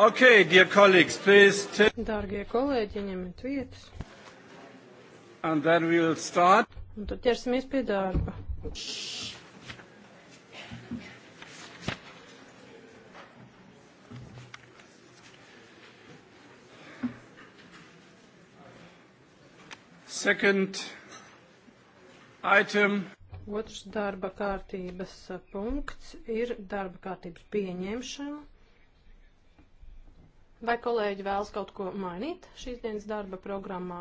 Okay, dear colleagues, please. Dārgie kolēģi, ieņemiet vietas. And then we will start. Un tad ķersimies pie darba. Second item. Otrs darba kārtības uh, punkts ir darba kārtības pieņemšana. Vai kolēģi vēlas kaut ko mainīt šīs dienas darba programmā?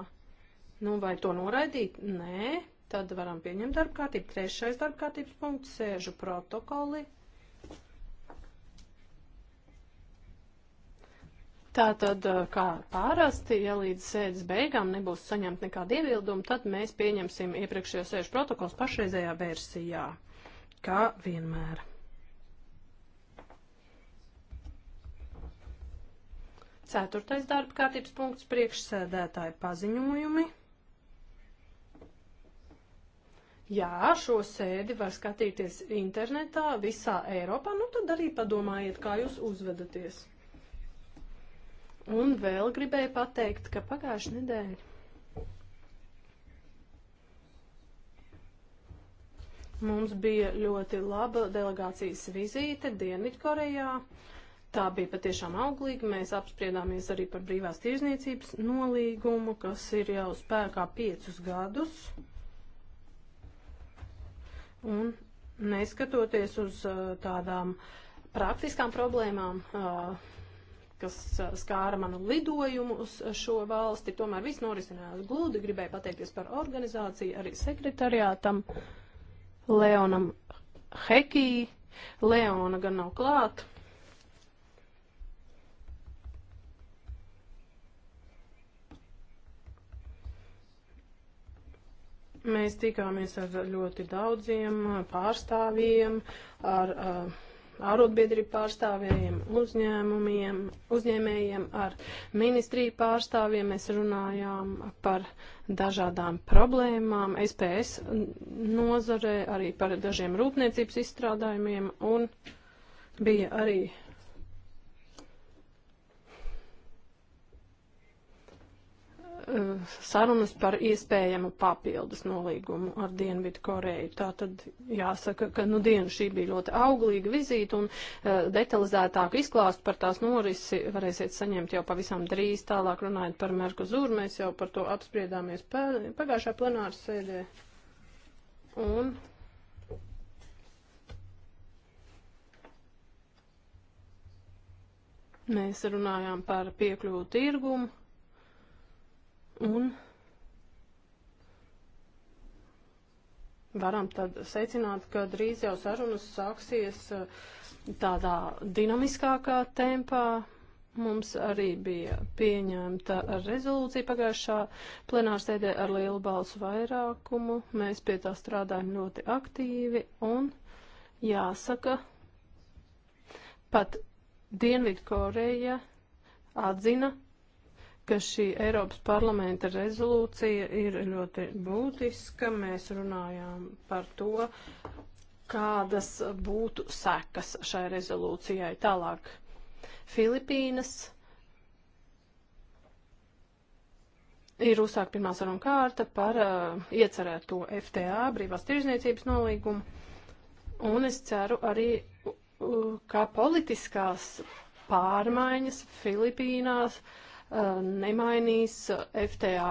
Nu, vai to noraidīt? Nē, tad varam pieņemt darba kārtību. Trešais darba kārtības punkts - sēžu protokoli. Tātad, eh, kā pārasti, ja līdz sēdes beigām nebūs saņemt nekāda iebilduma, tad mēs pieņemsim iepriekšējo sēžu protokols pašreizējā versijā, kā vienmēr. Ceturtais darba kārtības punkts - priekšsēdētāja paziņojumi. Jā, šo sēdi var skatīties internetā visā Eiropā, nu tad arī padomājiet, kā jūs uzvedaties. Un vēl gribēju pateikt, ka pagājuši nedēļa. Mums bija ļoti laba delegācijas vizīte Dienvidkorejā. Uh, Tā bija patiešām auglīga. Mēs apspriedāmies arī par brīvās tirzniecības nolīgumu, kas ir jau spēkā piecus gadus. Un neskatoties uz uh, tādām praktiskām problēmām, uh, kas uh, skāra manu lidojumu uz šo valsti, tomēr viss norisinājās gludi. Gribēju pateikties par organizāciju, arī sekretariātam, Leonam Hekī. Leona gan nav klāta Mēs tikāmies ar ļoti daudziem pārstāvjiem, ar ārotbiedrību pārstāvjiem, uzņēmumiem, uzņēmējiem, ar ministriju pārstāvjiem. Mēs runājām par dažādām problēmām, SPS nozarē, arī par dažiem rūpniecības izstrādājumiem un bija arī Eh, sarunas par iespējamu papildus nolīgumu ar Dienvidu Koreju. Tā tad jāsaka, ka nu diena šī bija ļoti auglīga vizīte un uh, eh, detalizētāku izklāstu par tās norisi varēsiet saņemt jau pavisam drīz. Tālāk runājot par Merkuzūru, mēs jau par to apspriedāmies pagājušā plenāra sēdē. Un mēs runājām par piekļuvu tirgumu Un varam tad secināt, ka drīz jau sarunas sāksies eh, tādā dinamiskākā tempā. Mums arī bija pieņemta rezolūcija pagājušā plenārsēdē ar lielu balsu vairākumu. Mēs pie tā strādājam ļoti aktīvi un jāsaka, pat Dienvidkoreja atzina, ka šī Eiropas parlamenta rezolūcija ir ļoti būtiska. Mēs runājām par to, kādas būtu sekas šai rezolūcijai tālāk. Filipīnas ir uzsākt pirmā saruna kārta par uh, iecerēto FTA, brīvās tirzniecības nolīgumu, un es ceru arī, uh, kā politiskās pārmaiņas Filipīnās uh, Uh, nemainīs FTA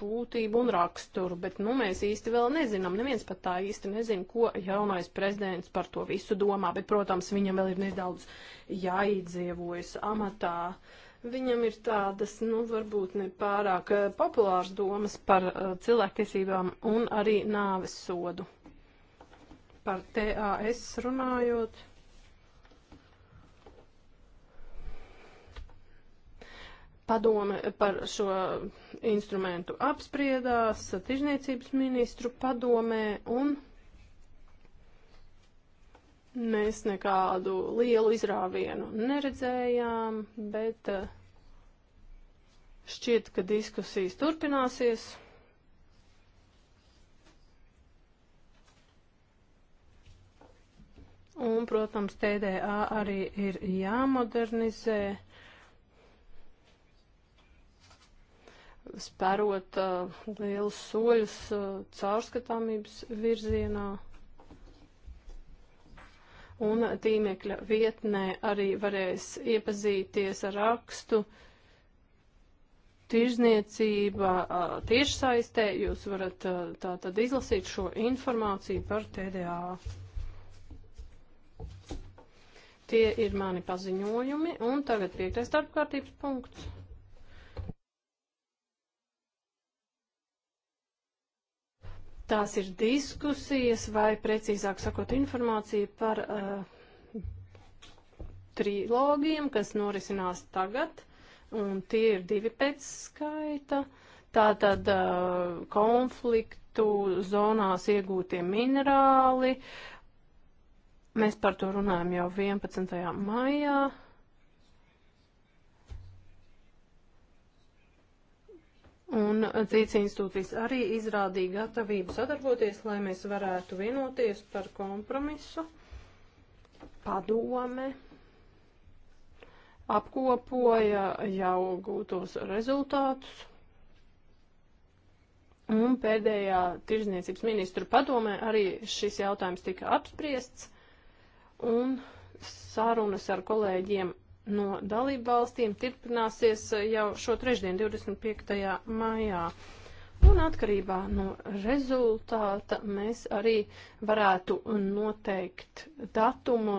būtību un raksturu, bet nu, mēs īsti vēl nezinām. Neviens pat tā īsti nezina, ko jaunais prezidents par to visu domā, bet, protams, viņam vēl ir nedaudz jāiedzīvojas amatā. Viņam ir tādas, nu, varbūt ne pārāk uh, populāras domas par uh, cilvēktiesībām un arī nāves sodu. Par TAS runājot. Padome par šo instrumentu apspriedās tirzniecības ministru padomē un mēs nekādu lielu izrāvienu neredzējām, bet eh, šķiet, ka diskusijas turpināsies. Un, protams, TDA arī ir jāmodernizē. spērot uh, lielus soļus uh, caurskatāmības virzienā. Un tīmekļa vietnē arī varēs iepazīties ar rakstu, tirzniecība, uh, tiešsaistē. Jūs varat uh, tā tad izlasīt šo informāciju par TDA. Tie ir mani paziņojumi, un tagad piektais darbkārtības punkts. Tās ir diskusijas vai, precīzāk sakot, informācija par uh, trilogiem, kas norisinās tagad, un tie ir divi pēc skaita. Tātad uh, konfliktu zonās iegūtie minerāli. Mēs par to runājam jau 11. maijā. Un citas institūcijas arī izrādīja gatavību sadarboties, lai mēs varētu vienoties par kompromisu. Padome apkopoja jau gūtos rezultātus. Un pēdējā tirzniecības ministru padomē arī šis jautājums tika apspriests. Un sarunas ar kolēģiem no dalību valstīm turpināsies uh, jau šo trešdienu, 25. maijā. Un atkarībā no rezultāta mēs arī varētu noteikt datumu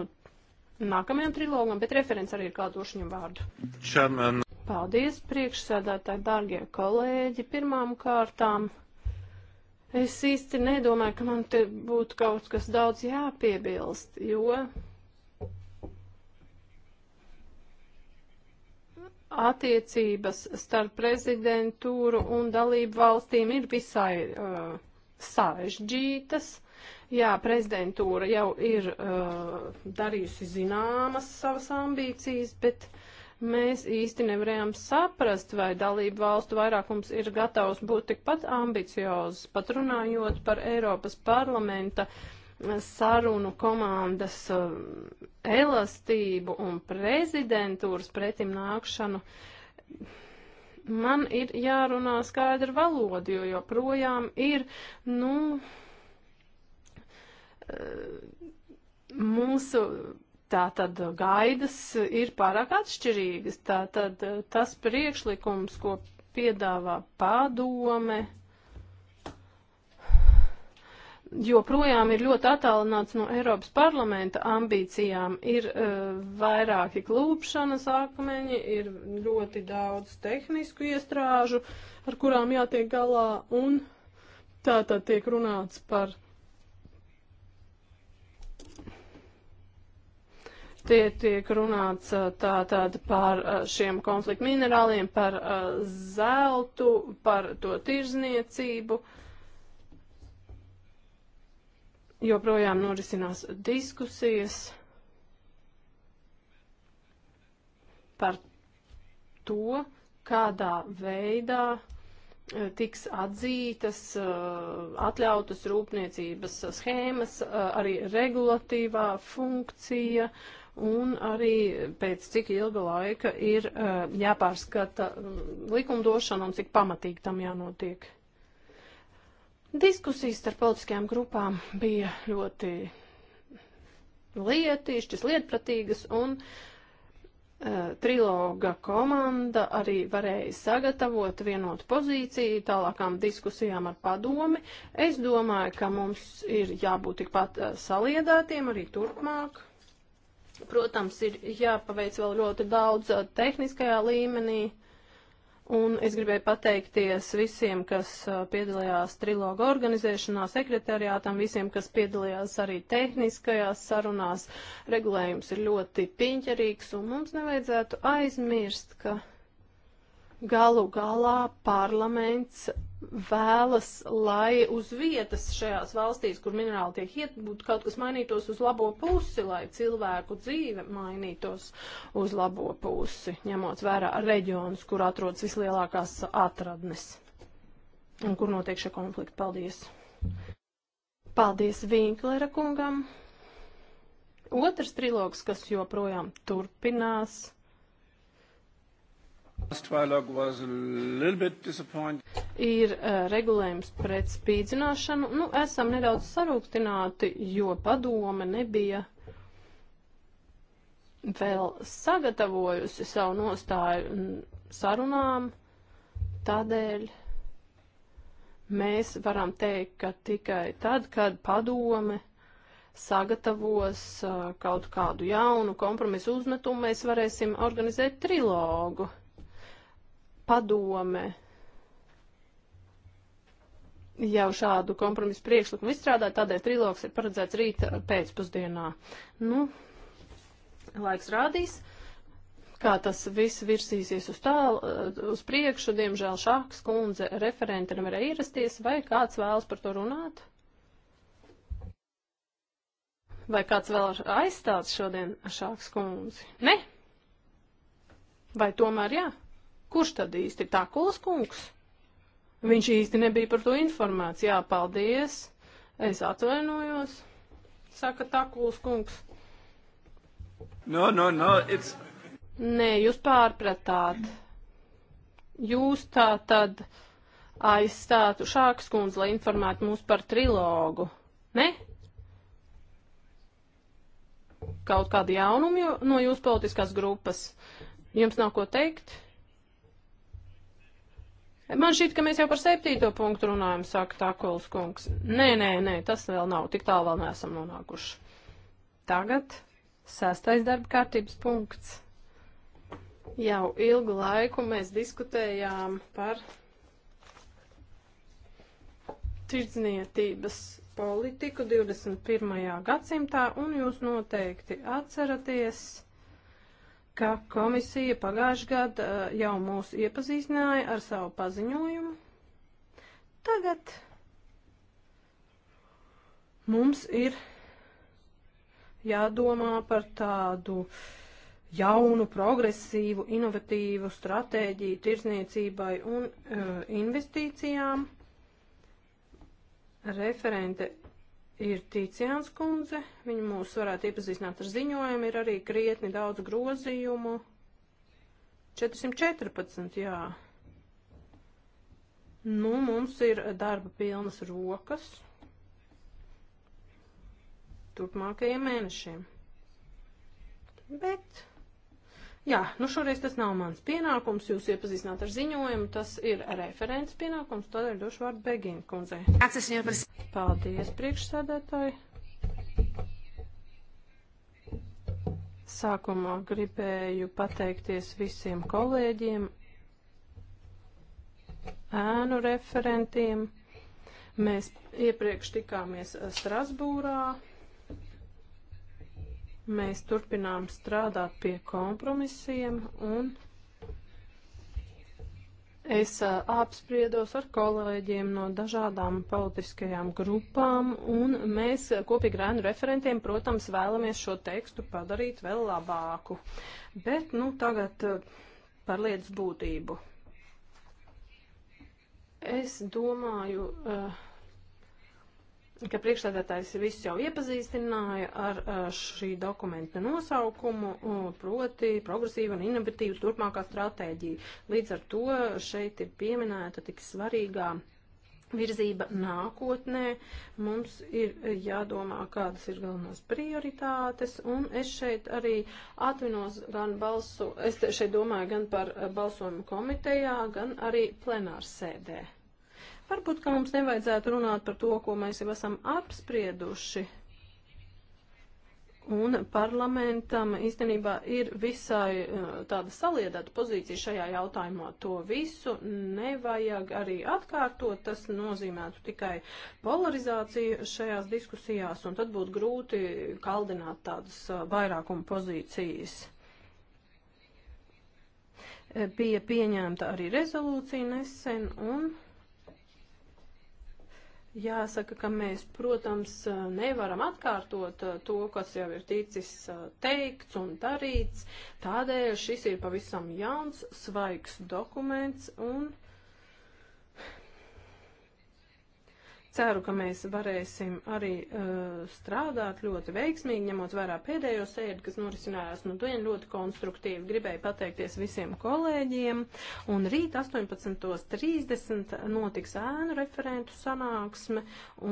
nākamajam trilogam, bet referents arī ir kādošu viņam vārdu. Čaman. Paldies, priekšsēdētāji, dārgie kolēģi. Pirmām kārtām es īsti nedomāju, ka man te būtu kaut kas daudz jāpiebilst, jo attiecības starp prezidentūru un dalību valstīm ir visai uh, sarežģītas. Jā, prezidentūra jau ir uh, darījusi zināmas savas ambīcijas, bet mēs īsti nevarējām saprast, vai dalību valstu vairākums ir gatavs būt tikpat ambiciozs, pat runājot par Eiropas parlamenta uh, sarunu komandas eh, elastību un prezidentūras pretim nākšanu, man ir jārunā skaidra valoda, jo joprojām ir, nu, eh, mūsu Tātad gaidas ir pārāk atšķirīgas. Tātad eh, tas priekšlikums, ko piedāvā padome, joprojām ir ļoti attālināts no Eiropas parlamenta ambīcijām. Ir uh, vairāki klūpšanas akmeņi, ir ļoti daudz tehnisku iestrāžu, ar kurām jātiek galā, un tā tad tiek runāts par. Tie tiek runāts e, tā tad par e, šiem konfliktu minerāliem, par uh, zeltu, par to tirzniecību. Uh, joprojām norisinās diskusijas par to, kādā veidā e, tiks atzītas, e, atļautas rūpniecības schēmas, e, arī regulatīvā funkcija un arī pēc cik ilga laika ir jāpārskata likumdošana un cik pamatīgi tam jānotiek. Diskusijas starp politiskajām grupām bija ļoti lietišķas, lietpratīgas, un uh, triloga komanda arī varēja sagatavot vienotu pozīciju tālākām diskusijām ar padomi. Es domāju, ka mums ir jābūt tikpat uh, eh, saliedētiem arī turpmāk. Protams, ir jāpaveic vēl ļoti daudz uh, tehniskajā līmenī. Uh, Un es gribēju pateikties visiem, kas piedalījās trilogu organizēšanā, sekretariātam, visiem, kas piedalījās arī tehniskajās sarunās. Regulējums ir ļoti piņķerīgs, un mums nevajadzētu aizmirst, ka galu galā parlaments vēlas, lai uz vietas šajās valstīs, kur minerāli tiek iegūti, kaut kas mainītos uz labo pusi, lai cilvēku dzīve mainītos uz labo pusi, ņemot vērā reģionus, kur atrodas vislielākās atradnes un kur notiek šie konflikti. Paldies! Paldies Vinklera kungam! Otrs trilogs, kas joprojām turpinās Ir uh, regulējums pret spīdzināšanu. Nu, esam nedaudz sarūktināti, jo padome nebija vēl sagatavojusi savu nostāju sarunām. Tādēļ mēs varam teikt, ka tikai tad, kad padome sagatavos uh, kaut kādu jaunu kompromisu uzmetumu, mēs varēsim organizēt trilogu padome jau šādu kompromisu priekšlikumu izstrādāja, tādēļ trilogs ir paredzēts rīta pēcpusdienā. Nu, laiks rādīs, kā tas viss virsīsies uz tālu, uz priekšu, diemžēl šāks kundze referente nevarēja ierasties, vai kāds vēlas par to runāt? Vai kāds vēl aizstāt šodien šāks kundzi? Ne? Vai tomēr jā? Ja? Kurš tad īsti takulas kungs? Viņš īsti nebija par to informēts. Jā, paldies. Es atvainojos, saka takulas kungs. No, no, no, it's. Nē, jūs pārpratāt. Jūs tā tad aizstātu šāks kundz, lai informētu mūs par trilogu. Ne? Kaut kādi jaunumi no jūsu politiskās grupas. Jums nav ko teikt? Man šķiet, ka mēs jau par septīto punktu runājam, saka Takols kungs. Nē, nē, nē, tas vēl nav, tik tālu vēl neesam nonākuši. Tagad sastais darba kārtības punkts. Jau ilgu laiku mēs diskutējām par tirdzniecības politiku 21. gadsimtā, un jūs noteikti atceraties ka komisija pagājuši gadu uh, jau mūs iepazīstināja ar savu paziņojumu. Tagad mums ir jādomā par tādu jaunu, progresīvu, inovatīvu stratēģiju tirzniecībai un uh, investīcijām. Referente ir Tīcijāns kundze, viņa mūs varētu iepazīstināt ar ziņojumu, ir arī krietni daudz grozījumu. 414, jā. Nu, mums ir darba pilnas rokas turpmākajiem mēnešiem. Bet Jā, nu šoreiz tas nav mans pienākums, jūs iepazīstināt ar ziņojumu, tas ir referents pienākums, tādēļ došu vārdu Begīna kundzei. Paldies, priekšsēdētāji. Sākumā gribēju pateikties visiem kolēģiem, ēnu referentiem. Mēs iepriekš tikāmies Strasbūrā Mēs turpinām strādāt pie kompromisiem un es apspriedos ar kolēģiem no dažādām politiskajām grupām un mēs kopīgi rēnu referentiem, protams, vēlamies šo tekstu padarīt vēl labāku. Bet, nu, tagad par lietas būtību. Es domāju, uh, ka priekšsēdētājs visus jau iepazīstināja ar šī dokumenta nosaukumu, proti progresīva un inovatīva turpmākā stratēģija. Līdz ar to šeit ir pieminēta tik svarīgā virzība nākotnē, mums ir jādomā, kādas ir galvenās prioritātes, un es šeit arī atvinos gan balsu, es šeit domāju gan par balsojumu komitejā, gan arī plenārsēdē. Ar Varbūt, ka mums nevajadzētu runāt par to, ko mēs jau esam apsprieduši. Un parlamentam īstenībā ir visai uh, tāda saliedēta pozīcija šajā jautājumā. To visu nevajag arī atkārtot. Tas nozīmētu tikai polarizāciju šajās diskusijās, un tad būtu grūti kaldināt tādas uh, vairākuma pozīcijas. Bija pieņemta arī rezolūcija nesen, un Jāsaka, ka mēs, protams, nevaram atkārtot eh, to, kas jau ir ticis eh, teikts un darīts. Tādēļ šis ir pavisam jauns, svaigs dokuments un Ceru, ka mēs varēsim arī uh, strādāt ļoti veiksmīgi, ņemot vērā pēdējo sēdi, kas norisinājās nu dien ļoti konstruktīvi. Gribēju pateikties visiem kolēģiem. Un rīt 18.30 notiks ēnu referentu sanāksme.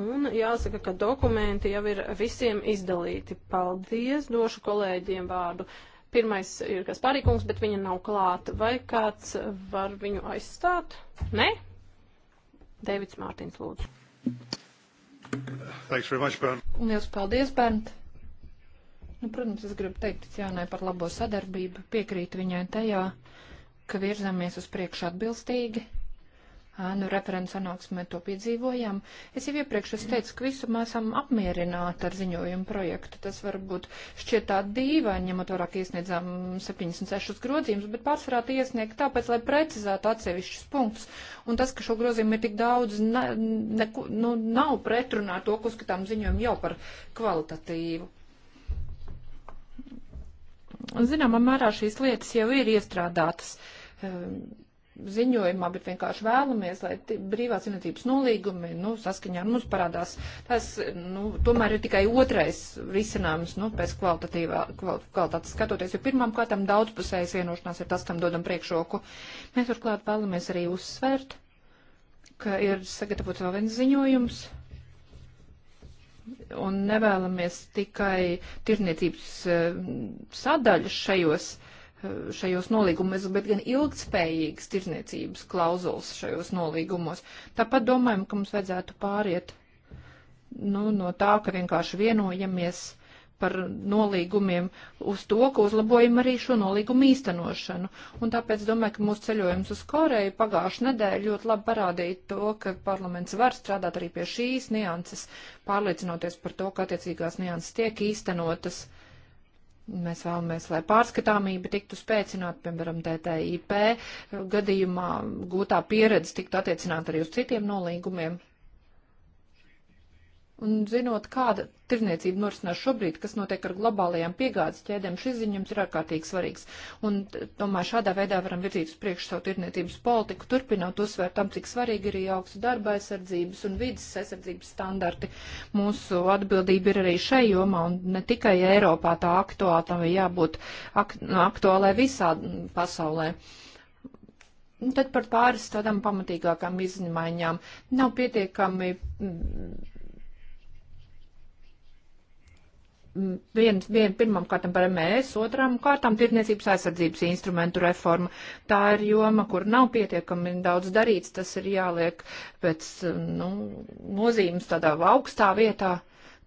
Un jāsaka, ka dokumenti jau ir visiem izdalīti. Paldies, došu kolēģiem vārdu. Pirmais ir kas parīkums, bet viņa nav klāta. Vai kāds var viņu aizstāt? Nē? Dēvids Mārtiņš lūdzu. Thanks very much, Bernd. Lielas paldies, Bernd. Nu, protams, es gribu teikt Cianai par labo sadarbību, piekrītu viņai tajā, ka virzamies uz priekšu atbilstīgi nu, referents sanāksmē to piedzīvojām. Es jau iepriekš es teicu, ka visumā esam apmierināti ar ziņojumu projektu. Tas varbūt šķiet tā dīvaini, ņemot vairāk iesniedzām 76 grozījumus, bet pārsvarā tie iesniegt tāpēc, lai precizētu atsevišķus punktus. Un tas, ka šo grozījumu ir tik daudz, ne, ne, nu, nav pretrunā to, ko skatām ziņojumu jau par kvalitatīvu. Zināmā mērā šīs lietas jau ir iestrādātas. Um, ziņojumā, bet vienkārši vēlamies, lai brīvās vienotības nolīgumi, nu, saskaņā ar mums parādās. Tas, nu, tomēr ir tikai otrais risinājums, nu, pēc kvalitatīvā, kval, kvalitātes skatoties, jo pirmām kārtām daudzpusējas vienošanās ir tas, kam dodam priekšroku. Mēs turklāt vēlamies arī uzsvērt, ka ir sagatavots vēl viens ziņojums. Un nevēlamies tikai tirniecības eh, sadaļas šajos šajos nolīgumos, bet gan ilgtspējīgas tirzniecības klauzulas šajos nolīgumos. Tāpat domājam, ka mums vajadzētu pāriet nu, no tā, ka vienkārši vienojamies par nolīgumiem uz to, ka uzlabojam arī šo nolīgumu īstenošanu. Un tāpēc domāju, ka mūsu ceļojums uz Koreju pagājušajā nedēļā ļoti labi parādīja to, ka parlaments var strādāt arī pie šīs nianses, pārliecinoties par to, ka attiecīgās nianses tiek īstenotas. Uh, Mēs vēlamies, lai pārskatāmība tiktu spēcināta, piemēram, TTIP gadījumā gūtā pieredze tiktu attiecināta arī uz citiem nolīgumiem. Un zinot, kāda tirniecība norisinās šobrīd, kas notiek ar globālajām piegādes ķēdēm, šis ziņojums ir ārkārtīgi svarīgs. Un tomēr šādā veidā varam virzīt uz priekšu savu tirniecības politiku, turpinot uzsvērt tam, cik svarīgi ir augsta darba aizsardzības un vidas aizsardzības standarti. Mūsu atbildība ir arī šai jomā, un ne tikai Eiropā tā aktuāla, tam ir jābūt ak nu, aktuālai visā pasaulē. Un tad par pāris tādām pamatīgākām izmaiņām. Nav pietiekami vien, vien, pirmam kārtam par MS, otram kārtam tirdzniecības aizsardzības instrumentu reforma. Tā ir joma, kur nav pietiekami daudz darīts, tas ir jāliek pēc nu, nozīmes tādā augstā vietā.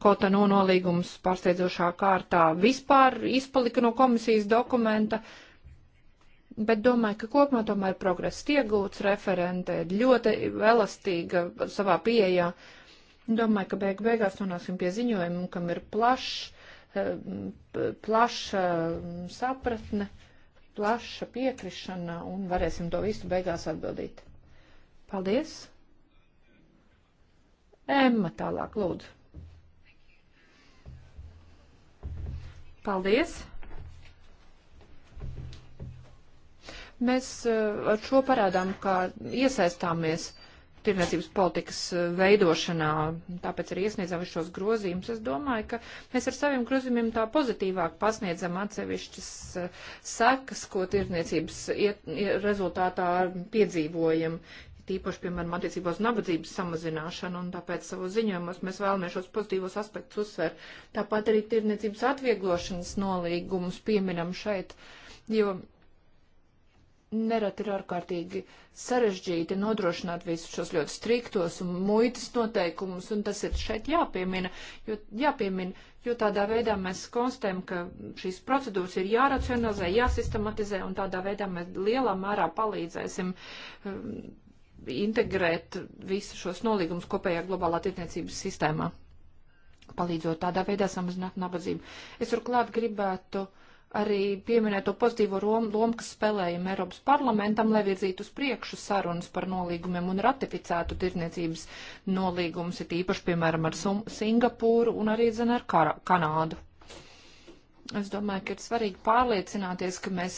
Kota no nu nolīgums pārsteidzošā kārtā vispār izpalika no komisijas dokumenta, bet domāju, ka kopumā tomēr progress tiek gūts, referente ļoti elastīga savā pieejā. Domāju, ka beig beigās nonāksim pie ziņojuma, kam ir plašs Eh, plaša sapratne, plaša piekrišana un varēsim to visu beigās atbildīt. Paldies! Emma tālāk lūdzu. Paldies! Mēs eh, ar šo parādām, kā iesaistāmies tirniecības politikas eh, veidošanā, tāpēc arī iesniedzām šos grozījumus. Es domāju, ka mēs ar saviem grozījumiem tā pozitīvāk pasniedzam atsevišķas eh, sekas, ko tirniecības rezultātā piedzīvojam. Tīpaši, piemēram, attiecībā uz nabadzības samazināšanu, un tāpēc savu ziņojumos mēs vēlamies šos pozitīvos aspektus uzsvērt. Tāpat arī tirniecības atvieglošanas nolīgumus pieminam šeit, jo nerad ir ārkārtīgi sarežģīti nodrošināt visus šos ļoti striktos un muitas noteikumus, un tas ir šeit jāpiemina, jo, jāpiemina, jo tādā veidā mēs konstatējam, ka šīs procedūras ir jāracionalizē, jāsistematizē, un tādā veidā mēs lielā mērā palīdzēsim um, integrēt visus šos nolīgumus kopējā globālā tirdzniecības sistēmā, palīdzot tādā veidā samazināt nabadzību. Es turklāt gribētu uh, arī pieminēt to pozitīvo lomu, kas spēlējam Eiropas parlamentam, lai virzītu uz priekšu sarunas par nolīgumiem un ratificētu tirdzniecības nolīgumus, ir īpaši, piemēram, ar Sum Singapūru un arī, zin, ar Kar Kanādu. Es domāju, ka ir svarīgi pārliecināties, ka mēs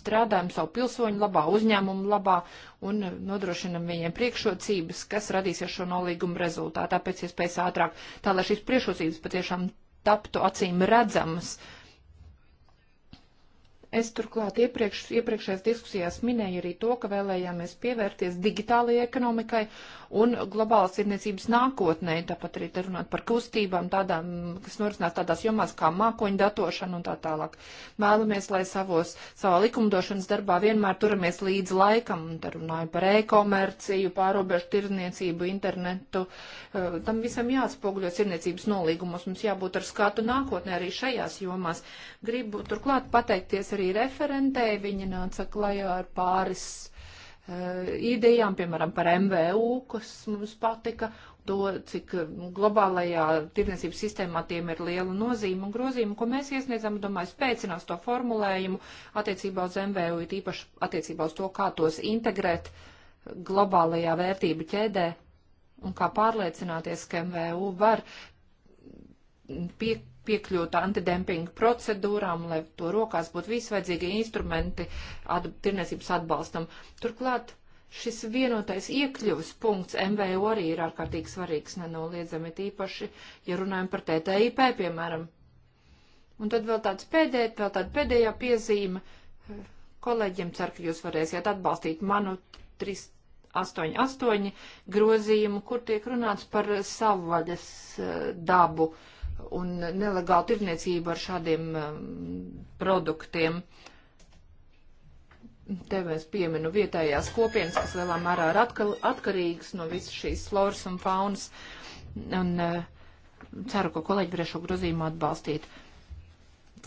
strādājam savu pilsoņu labā, uzņēmumu labā un nodrošinam viņiem priekšrocības, kas radīsies šo nolīgumu rezultātā pēc iespējas ātrāk, tā lai šīs priekšrocības patiešām taptu acīm redzamas uh, Es turklāt iepriekš, iepriekšējās diskusijās minēju arī to, ka vēlējāmies pievērties digitālajai ekonomikai un globālas tirniecības nākotnē, tāpat arī te runāt par kustībām, tādām, kas norisinās tādās jomās kā mākoņu datošana un tā tālāk. Vēlamies, lai savos, savā likumdošanas darbā vienmēr turamies līdz laikam, un te runāju par e-komerciju, pārobežu tirniecību, internetu. Eh, tam visam jāatspoguļos tirniecības nolīgumos, mums jābūt ar skatu nākotnē arī šajās jomās. Gribu turklāt pateikties arī referentei. Viņa nāca klajā ar pāris uh, idejām, piemēram, par MVU, kas mums patika, to, cik nu, globālajā tirdzniecības sistēmā tiem ir liela nozīme un grozījuma, ko mēs iesniedzam, domāju, spēcinās to formulējumu attiecībā uz MVU, it īpaši attiecībā uz to, kā tos integrēt globālajā vērtību ķēdē un kā pārliecināties, ka MVU var pie, piekļūt antidempinga procedūrām, lai to rokās būtu visi vajadzīgie instrumenti at, tirniecības atbalstam. Turklāt šis vienotais iekļuvas punkts MVO arī ir ārkārtīgi svarīgs, nenoliedzami tīpaši, ja runājam par TTIP, piemēram. Un tad vēl tāds pēdējais, vēl tāda pēdējā piezīme. Kolēģiem ceru, ka jūs varēsiet atbalstīt manu 388 grozījumu, kur tiek runāts par savvaļas eh, dabu. Uh, un nelegālu tirniecību ar šādiem um, produktiem. Te mēs pieminu vietējās kopienas, kas lielā mērā ir atkal, atkarīgas no visas šīs floras un faunas. Un uh, ceru, ka kolēģi varēs šo grozījumu atbalstīt.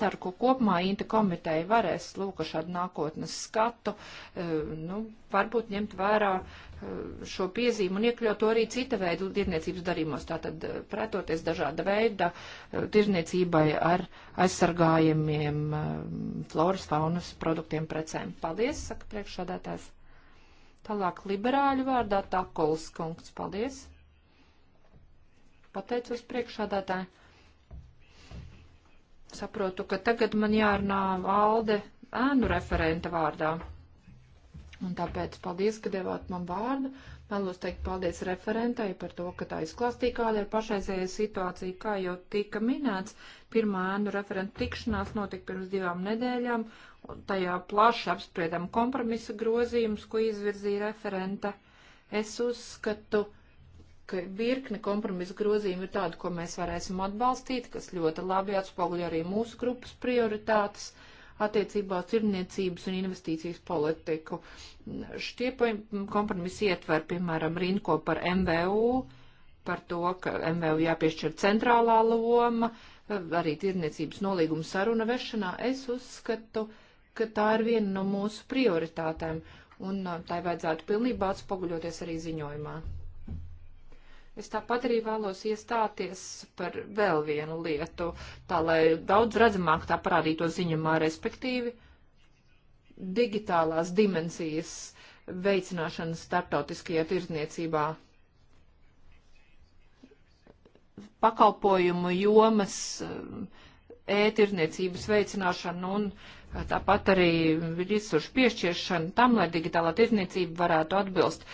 Ceru, ka kopumā Inta komiteja varēs lūk šādu nākotnes skatu, uh, nu, varbūt ņemt vērā Eh, šo piezīmu un iekļaut to arī cita veida tirniecības darījumos, tātad eh, pretoties dažāda veida eh, tirniecībai ar aizsargājumiem floras, faunas produktiem, precēm. Paldies, saka priekšādātājs. Tālāk liberāļu vārdā Takols kungs. Paldies. Pateicos priekšādātājai. Saprotu, ka tagad man jārunā valde ēnu referenta vārdā. Un tāpēc paldies, ka devāt man vārdu. Vēlos teikt paldies referentai par to, ka tā izklāstīja, kāda ir pašreizējā situācija. Kā jau tika minēts, pirmā ēnu referentu tikšanās notika pirms divām nedēļām. Tajā plaši apspriedām kompromisa grozījumus, ko izvirzīja referenta. Es uzskatu, ka virkne kompromisa grozījumu ir tādu, ko mēs varēsim atbalstīt, kas ļoti labi atspoguļo arī mūsu grupas prioritātes. Uh, attiecībā uz tirniecības un investīcijas politiku. Šie kompromisi ietver, piemēram, rinko par MVU, par to, ka MVU jāpiešķir centrālā loma, arī tirniecības nolīguma saruna vešanā. Es uzskatu, ka tā ir viena no mūsu prioritātēm, un uh, tai vajadzētu pilnībā atspoguļoties arī ziņojumā. Es tāpat arī vēlos iestāties par vēl vienu lietu, tā lai daudz redzamāk tā parādīto ziņumā, respektīvi digitālās dimensijas veicināšanas starptautiskajā tirzniecībā pakalpojumu jomas ētirniecības eh, e veicināšanu un eh, tāpat arī resursu piešķiršanu tam, lai digitālā tirniecība varētu atbilst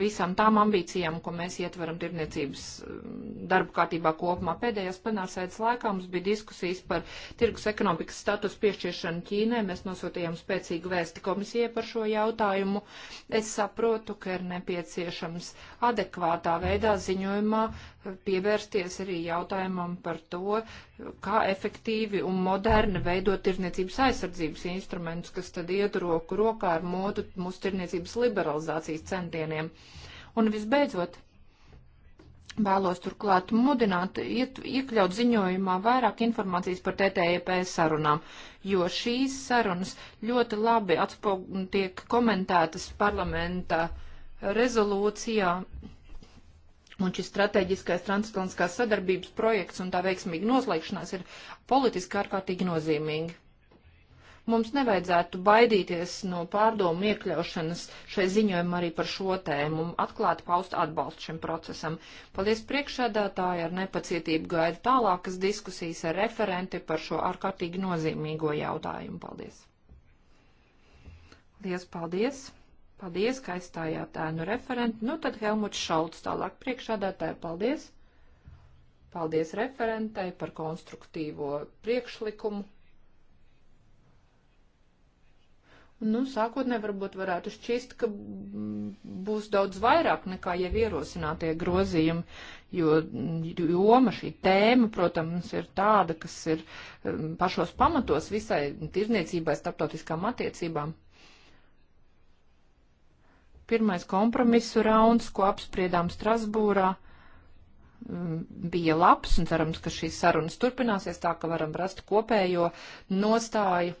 visām tām ambīcijām, ko mēs ietveram tirniecības mm, darbu kārtībā kopumā. Pēdējās plenārsēdes laikā mums bija diskusijas par tirgus ekonomikas status piešķiršanu Ķīnai. Mēs nosūtījām spēcīgu vēsti komisijai par šo jautājumu. Es saprotu, ka ir nepieciešams adekvātā veidā ziņojumā pievērsties arī jautājumam par to, kā efektīvi un moderni veidot tirniecības aizsardzības instrumentus, kas tad iet roku rokā ar modu mūsu tirniecības liberalizācijas centieniem. Un visbeidzot, Vēlos turklāt mudināt, iet, iekļaut ziņojumā vairāk informācijas par TTIP e sarunām, jo šīs sarunas ļoti labi atspog, tiek komentētas parlamenta rezolūcijā Un šis strateģiskais transatlantiskās sadarbības projekts un tā veiksmīga noslēgšanās ir politiski ārkārtīgi nozīmīgi. Mums nevajadzētu baidīties no pārdomu iekļaušanas šai ziņojumā arī par šo tēmu un atklāti paust atbalstu šim procesam. Paldies priekšsēdētāji, ar nepacietību gaida tālākas diskusijas ar referenti par šo ārkārtīgi nozīmīgo jautājumu. Paldies! Lies paldies! Paldies, ka aizstājāt ēnu referentu. Nu, tad Helmuts Šalts tālāk priekšādātāja. Paldies! Paldies referentai par konstruktīvo priekšlikumu. Nu, sākotnē varbūt varētu šķist, ka būs daudz vairāk nekā jau ierosinātie grozījumi, jo joma šī tēma, protams, ir tāda, kas ir um, pašos pamatos visai tirzniecībai, starptautiskām attiecībām. Pirmais kompromisu rauns, ko apspriedām Strasbūrā, mm, bija labs, un cerams, ka šīs sarunas turpināsies tā, ka varam rast kopējo nostāju.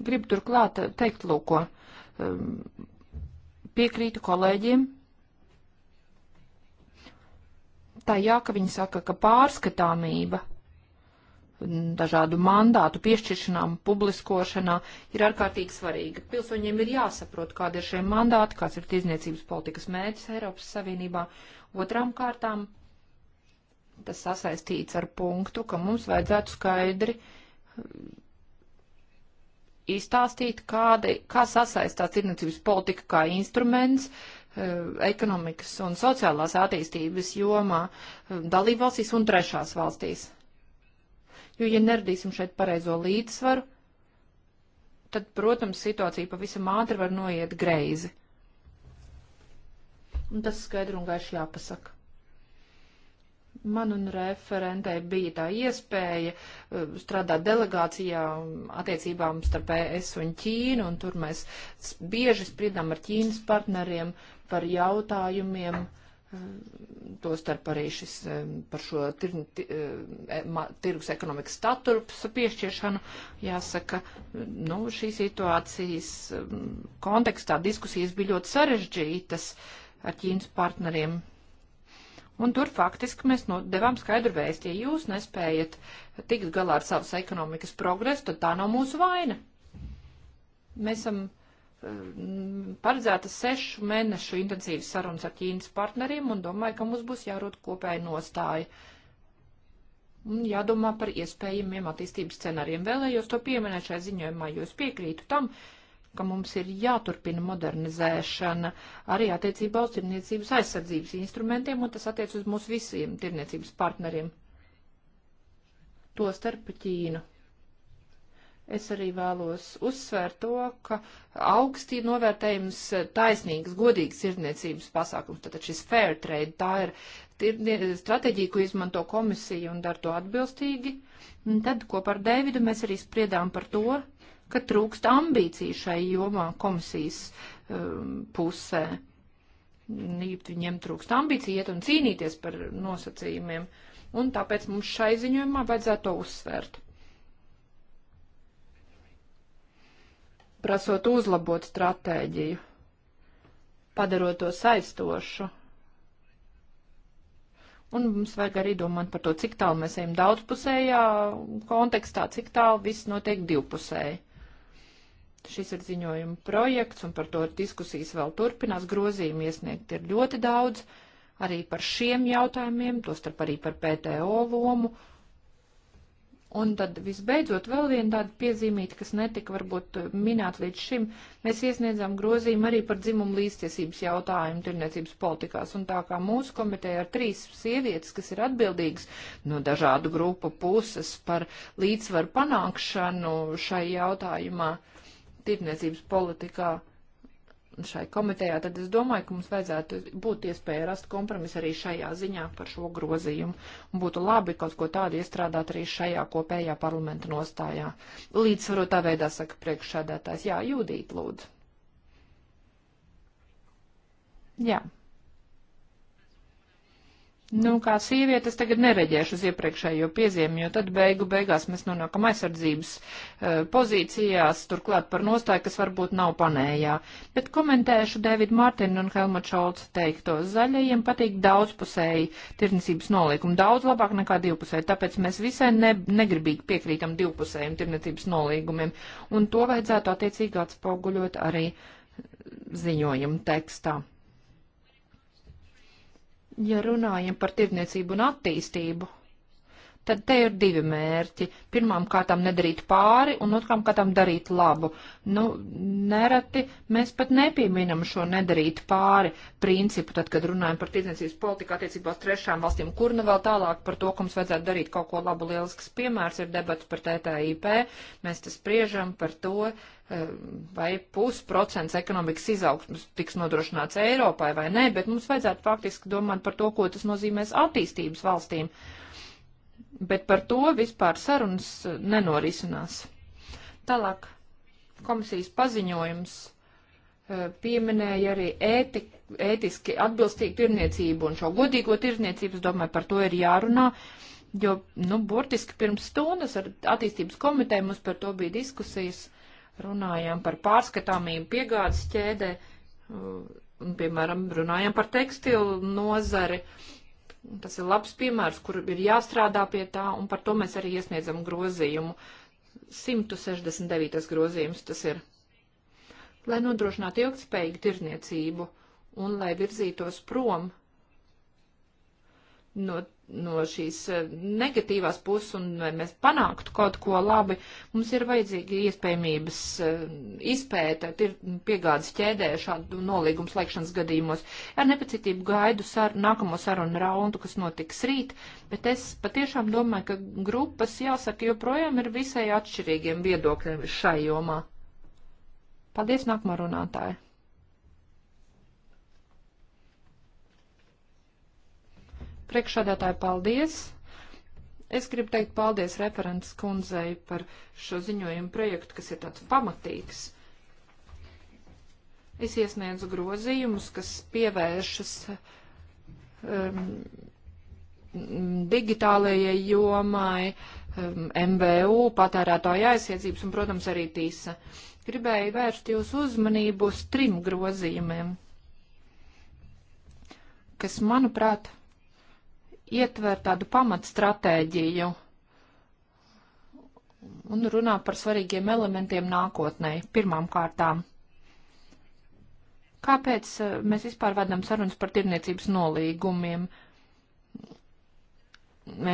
Gribu turklāt teikt, lūko, mm, piekrītu kolēģiem, tā jā, ka viņi saka, ka pārskatāmība dažādu mandātu piešķiršanām, publiskošanā ir ārkārtīgi svarīga. Pilsoņiem ir jāsaprot, kāda ir šie mandāti, kāds ir tirzniecības politikas mērķis Eiropas Savienībā. Otrām kārtām tas sasaistīts ar punktu, ka mums vajadzētu skaidri um, izstāstīt, kāda, kā sasaistās tirdzniecības politika kā instruments uh, ekonomikas un sociālās attīstības jomā um, dalībvalstīs un trešās valstīs jo, ja neradīsim šeit pareizo līdzsvaru, tad, protams, situācija pavisam ātri var noiet greizi. Un tas skaidri un gaiši jāpasaka. Man un referentē bija tā iespēja uh, strādāt delegācijā attiecībām starp ES un Ķīnu, un tur mēs bieži spriedām ar Ķīnas partneriem par jautājumiem, uh, Tostarp arī šis par šo tir, e, tirgus ekonomikas statusu piešķiršanu, jāsaka, nu, šī situācijas kontekstā diskusijas bija ļoti sarežģītas ar Ķīnas partneriem. Un tur faktiski mēs no, devām skaidru vēstu, ja jūs nespējat tikt galā ar savas ekonomikas progresu, tad tā nav mūsu vaina. Mēs esam paredzēta sešu mēnešu intensīvas sarunas ar Ķīnas partneriem un domāju, ka mums būs jārūt kopēja nostāja. Un jādomā par iespējamiem attīstības scenāriem. Vēlējos to pieminēt šai ziņojumā, jo es piekrītu tam, ka mums ir jāturpina modernizēšana arī attiecībā uz tirniecības aizsardzības instrumentiem, un tas attiec uz mūsu visiem tirniecības partneriem. Tostarp Ķīnu. Es arī vēlos uzsvērt to, ka augstī novērtējums eh, taisnīgas, godīgas sirdniecības pasākums, tātad šis fair trade, tā ir, ir stratēģija, ko izmanto komisija un dara to atbilstīgi. Un tad kopā ar Deividu mēs arī spriedām par to, ka trūkst ambīciju šai jomā komisijas um, pusē. Viņiem trūkst ambīcija iet un cīnīties par nosacījumiem. Un tāpēc mums šai ziņojumā vajadzētu to uzsvērt. prasot uzlabot stratēģiju, padarot to saistošu. Un mums vajag arī domāt par to, cik tālu mēs ejam daudzpusējā kontekstā, cik tālu viss notiek divpusēji. Šis ir ziņojuma projekts, un par to diskusijas vēl turpinās. Grozījumi iesniegt ir ļoti daudz, arī par šiem jautājumiem, tostarp arī par PTO lomu Un tad visbeidzot vēl viena tāda piezīmīta, kas netika varbūt minēta līdz šim, mēs iesniedzām grozījumu arī par dzimumu līdztiesības jautājumu tirniecības politikās. Un tā kā mūsu komiteja ar trīs sievietes, kas ir atbildīgas no dažādu grupu puses par līdzsvaru panākšanu šai jautājumā tirniecības politikā, šai komitejā, tad es domāju, ka mums vajadzētu būt iespēja rast kompromisu arī šajā ziņā par šo grozījumu. Būtu labi kaut ko tādu iestrādāt arī šajā kopējā parlamenta nostājā. Līdzsvarotā veidā saka priekšsēdētājs. Jā, Judīt, lūdzu. Jā. Yeah. Nu, kā sieviete, es tagad nereģēšu uz iepriekšējo piezīmi, jo tad beigu beigās mēs nonākam aizsardzības eh, pozīcijās, turklāt par nostāju, kas varbūt nav panējā. Bet komentēšu Davidu Mārtinu un Helmut Šolcu teikto. Zaļajiem patīk daudzpusēji tirnicības nolīkumi, daudz labāk nekā divpusēji, tāpēc mēs visai ne, negribīgi piekrītam divpusējiem tirnicības nolīgumiem, un to vajadzētu attiecīgi atspoguļot arī ziņojumu tekstā ja runājam par tirdzniecību un attīstību, tad te ir divi mērķi. Pirmām kārtām nedarīt pāri un otrām kārtām darīt labu. Nu, nereti mēs pat nepieminam šo nedarīt pāri principu, tad, kad runājam par tirdzniecības politiku attiecībā uz trešām valstīm, kur nu vēl tālāk par to, ka mums vajadzētu darīt kaut ko labu. Lielisks piemērs ir debats par TTIP. Mēs tas spriežam par to, eh, vai pusprocents ekonomikas izaugsmas tiks nodrošināts Eiropai vai nē, bet mums vajadzētu faktiski domāt par to, ko tas nozīmēs attīstības valstīm. Uh, bet par to vispār sarunas eh, nenorisinās. Tālāk komisijas paziņojums eh, pieminēja arī ēti, ētiski atbilstīgu tirniecību un šo godīgo tirniecību, es domāju, par to ir jārunā, jo, nu, burtiski pirms stundas ar attīstības komiteju mums par to bija diskusijas, runājām par pārskatāmību piegādes ķēdē, eh, un, piemēram, runājām par tekstilu nozari, uh, Tas ir labs piemērs, kur ir jāstrādā pie tā, un par to mēs arī iesniedzam grozījumu. 169. grozījums tas ir. Lai nodrošinātu ilgspējīgu tirniecību un lai virzītos prom no, no šīs eh, negatīvās puses un lai mēs panāktu kaut ko labi, mums ir vajadzīga iespējamības eh, izpēta, ir piegādes ķēdē šādu nolīgumu slēgšanas gadījumos. Ar nepacitību gaidu sar, nākamo sarunu raundu, kas notiks rīt, bet es patiešām domāju, ka grupas, jāsaka, joprojām ir visai atšķirīgiem viedokļiem šai jomā. Paldies, nākamā runātāja! Priekšādātāji, paldies! Es gribu teikt paldies referents kundzei par šo ziņojumu projektu, kas ir tāds pamatīgs. Es iesniedzu grozījumus, kas pievēršas um, digitālajai jomai, um, MVU, patērētāja aizsardzības un, protams, arī tīsa. Gribēju vērst jūsu uzmanību uz trim grozījumiem, kas, manuprāt, ietver tādu pamatstratēģiju un runā par svarīgiem elementiem nākotnē, pirmām kārtām. Kāpēc eh, mēs vispār vedam sarunas par tirniecības nolīgumiem?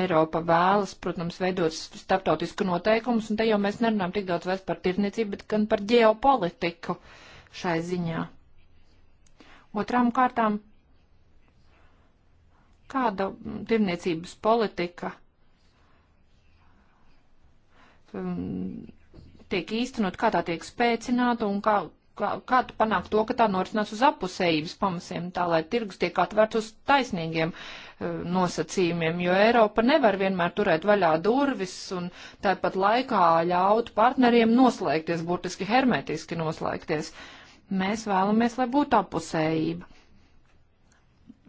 Eiropa vēlas, protams, veidot starptautisku noteikumus, un te jau mēs nerunājam tik daudz vairs par tirniecību, bet gan par ģeopolitiku šai ziņā. Otrām kārtām Kāda tirniecības politika um, tiek īstenot, kā tā tiek spēcināta un kā, kā, kā tu panāk to, ka tā norisinās uz apusējības pamasiem, tā lai tirgus tiek atvērts uz taisnīgiem uh, nosacījumiem, jo Eiropa nevar vienmēr turēt vaļā durvis un tāpat laikā ļaut partneriem noslēgties, burtiski hermetiski noslēgties. Mēs vēlamies, lai būtu apusējība.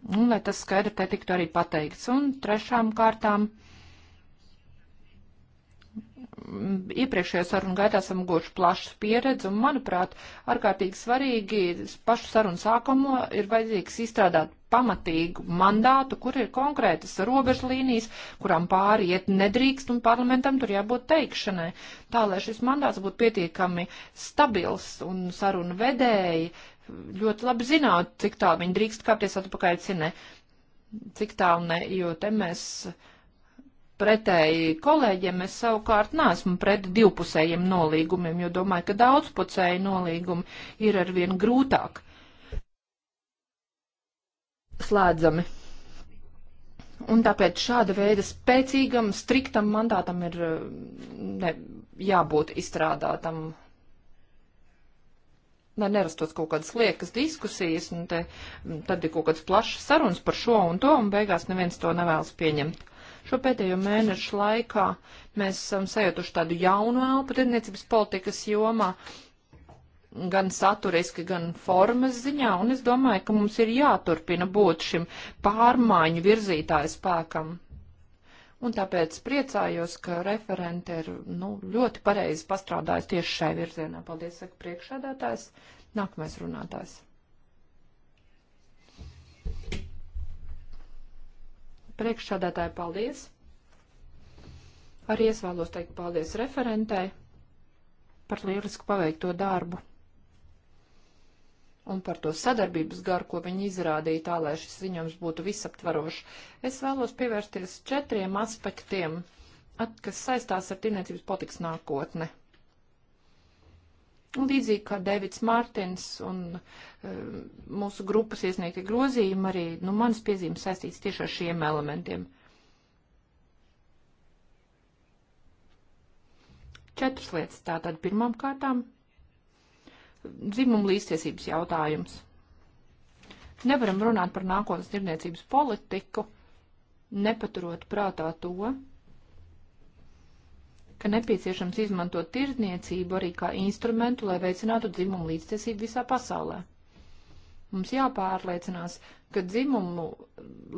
Un lai tas skaidri te tiktu arī pateikts. Un trešām kārtām iepriekšējā sarunu gaitā esam guvuši plašu pieredzi, un, manuprāt, ārkārtīgi svarīgi pašu sarunu sākumu ir vajadzīgs izstrādāt pamatīgu mandātu, kur ir konkrētas robežlīnijas, kurām pāriet nedrīkst, un parlamentam tur jābūt teikšanai. Tā, lai šis mandāts būtu pietiekami stabils un sarunu vedēji ļoti labi zināt, cik tālu viņi drīkst kāpties atpakaļ, cik ne. Cik tālu ne, jo te mēs pretēji kolēģiem es savukārt neesmu pret divpusējiem nolīgumiem, jo domāju, ka daudzpusēji nolīgumi ir arvien grūtāk slēdzami. Un tāpēc šāda veida spēcīgam, striktam mandātam ir ne, jābūt izstrādātam lai nerastos kaut kādas liekas diskusijas, un te, tad ir kaut kādas plašas sarunas par šo un to, un beigās neviens to nevēlas pieņemt. Šo pēdējo mēnešu laikā mēs esam sajutuši tādu jaunu elpu tirdzniecības politikas jomā, gan saturiski, gan formas ziņā, un es domāju, ka mums ir jāturpina būt šim pārmaiņu virzītāju spēkam un tāpēc priecājos, ka referente ir nu, ļoti pareizi pastrādājusi tieši šai virzienā. Paldies, saka priekšādātājs. Nākamais runātājs. Priekšādātāji, paldies. Arī es vēlos teikt paldies referentei par lielisku paveikto darbu un par to sadarbības garu, ko viņi izrādīja tā, lai šis ziņojums būtu visaptvarošs. Es vēlos pievērsties četriem aspektiem, at, kas saistās ar tirniecības politikas nākotne. Un līdzīgi kā Deivids Mārtins un e, mūsu grupas iesniegtie grozījumi, arī nu, manas piezīmes saistīts tieši ar šiem elementiem. Četras lietas tātad pirmām kārtām dzimumu līdztiesības jautājums. Nevaram runāt par nākotnes tirniecības politiku, nepaturot prātā to, ka nepieciešams izmantot tirdzniecību arī kā instrumentu, lai veicinātu dzimumu līdztiesību visā pasaulē. Mums jāpārliecinās, ka dzimumu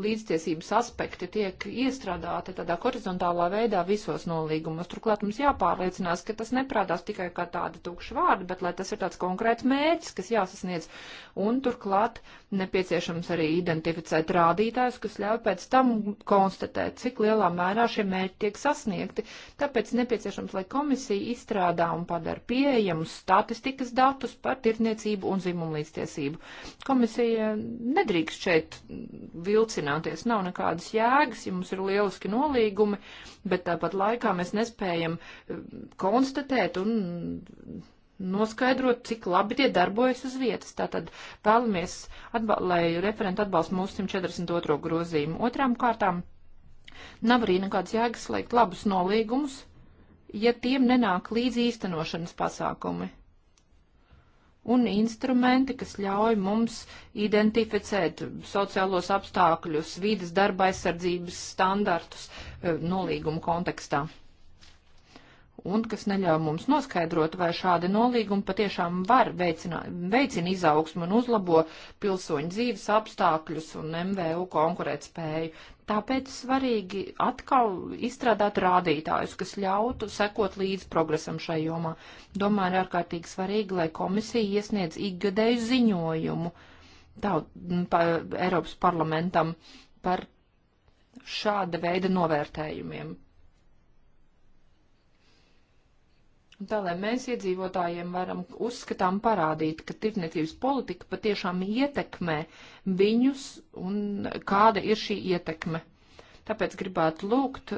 līdztiesības aspekti tiek iestrādāti tādā horizontālā veidā visos nolīgumos. Turklāt mums jāpārliecinās, ka tas neprādās tikai kā tāda tukša vārda, bet lai tas ir tāds konkrēts mērķis, kas jāsasniedz. Un turklāt nepieciešams arī identificēt rādītājus, kas ļauj pēc tam konstatēt, cik lielā mērā šie mērķi tiek sasniegti. Tāpēc nepieciešams, lai komisija izstrādā un padara pieejamus statistikas datus par tirniecību un dzimumu līdztiesību. Komisija nedrīkst šeit vilcināties. Nav nekādas jēgas, ja mums ir lieliski nolīgumi, bet tāpat laikā mēs nespējam eh, konstatēt un noskaidrot, cik labi tie darbojas uz vietas. Tātad vēlamies, lai referenti atbalsta mūsu 142. grozījumu. Otrām kārtām nav arī nekāds jēgas slēgt labus nolīgumus, ja tiem nenāk līdzi īstenošanas pasākumi un instrumenti, kas ļauj mums identificēt sociālos apstākļus, vīdes darba aizsardzības standartus eh, nolīguma kontekstā un kas neļauj mums noskaidrot, vai šādi nolīgumi patiešām var veicināt, veicina izaugsmu un uzlabo pilsoņu dzīves apstākļus un MVU konkurētspēju. Tāpēc svarīgi atkal izstrādāt rādītājus, kas ļautu sekot līdz progresam šai jomā. Domāju, ir ārkārtīgi svarīgi, lai komisija iesniedz ikgadēju ziņojumu tā, pa, Eiropas parlamentam par šāda veida novērtējumiem. Un tā, lai mēs iedzīvotājiem varam uzskatām parādīt, ka tirdzniecības politika patiešām ietekmē viņus un kāda ir šī ietekme. Tāpēc gribētu lūgt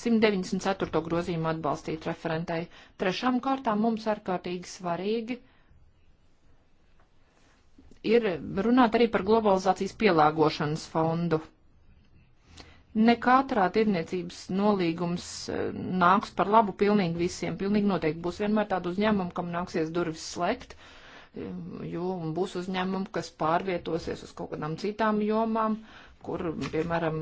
194. Eh, grozījumu atbalstīt referentai. Trešām kārtām mums ārkārtīgi svarīgi ir runāt arī par globalizācijas pielāgošanas fondu ne katrā tirniecības nolīgums eh, nāks par labu pilnīgi visiem. Pilnīgi noteikti būs vienmēr tāda uzņēmuma, kam nāksies durvis slēgt, eh, jo būs uzņēmumi, kas pārvietosies uz kaut kādām citām jomām. Uh, kur, piemēram,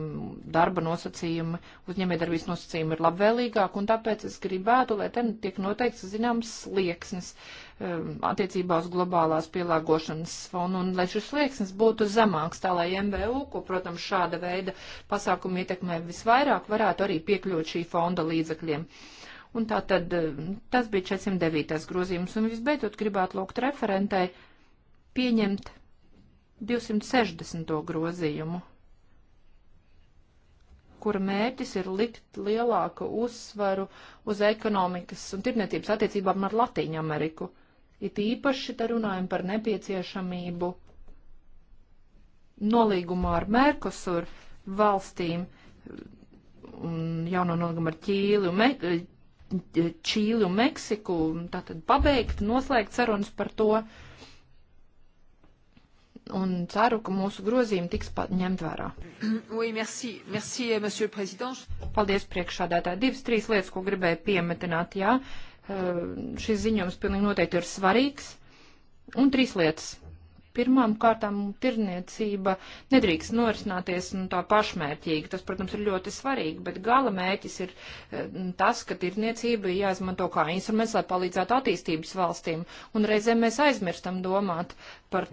darba nosacījumi, uzņēmējdarbības nosacījumi ir labvēlīgāk, un tāpēc es gribētu, lai ten tiek noteikts zināms slieksnis um, attiecībā uz globālās pielāgošanas fondu, un lai šis slieksnis būtu zemāks, tā lai MVU, ko, protams, šāda veida pasākumu ietekmē visvairāk, varētu arī piekļūt šī fonda līdzekļiem. Un tā tad um, tas bija 409. grozījums, un visbeidzot gribētu lūgt referentai pieņemt 260. grozījumu kura mērķis ir likt lielāku uzsvaru uz ekonomikas un tirniecības attiecībām ar Latīņu Ameriku. It īpaši te runājam par nepieciešamību nolīgumā ar Merkosur valstīm un jauno nolīgumu ar Ķīli un, Me Čīli un Meksiku, tātad pabeigt, noslēgt sarunas par to. Uh, un ceru, ka mūsu grozījumi tiks ņemt vērā. Oui, merci, merci, eh, monsieur le président. Paldies priekšādātāji. Divas, trīs lietas, ko gribēju piemetināt, jā. Eh, šis ziņojums pilnīgi noteikti ir svarīgs. Un trīs lietas. Pirmām kārtām tirniecība nedrīkst norisināties nu, tā pašmērķīgi. Tas, protams, ir ļoti svarīgi, bet gala mērķis ir eh, tas, ka tirniecība jāizmanto kā instruments, lai palīdzētu attīstības valstīm. Un reizēm mēs aizmirstam domāt par,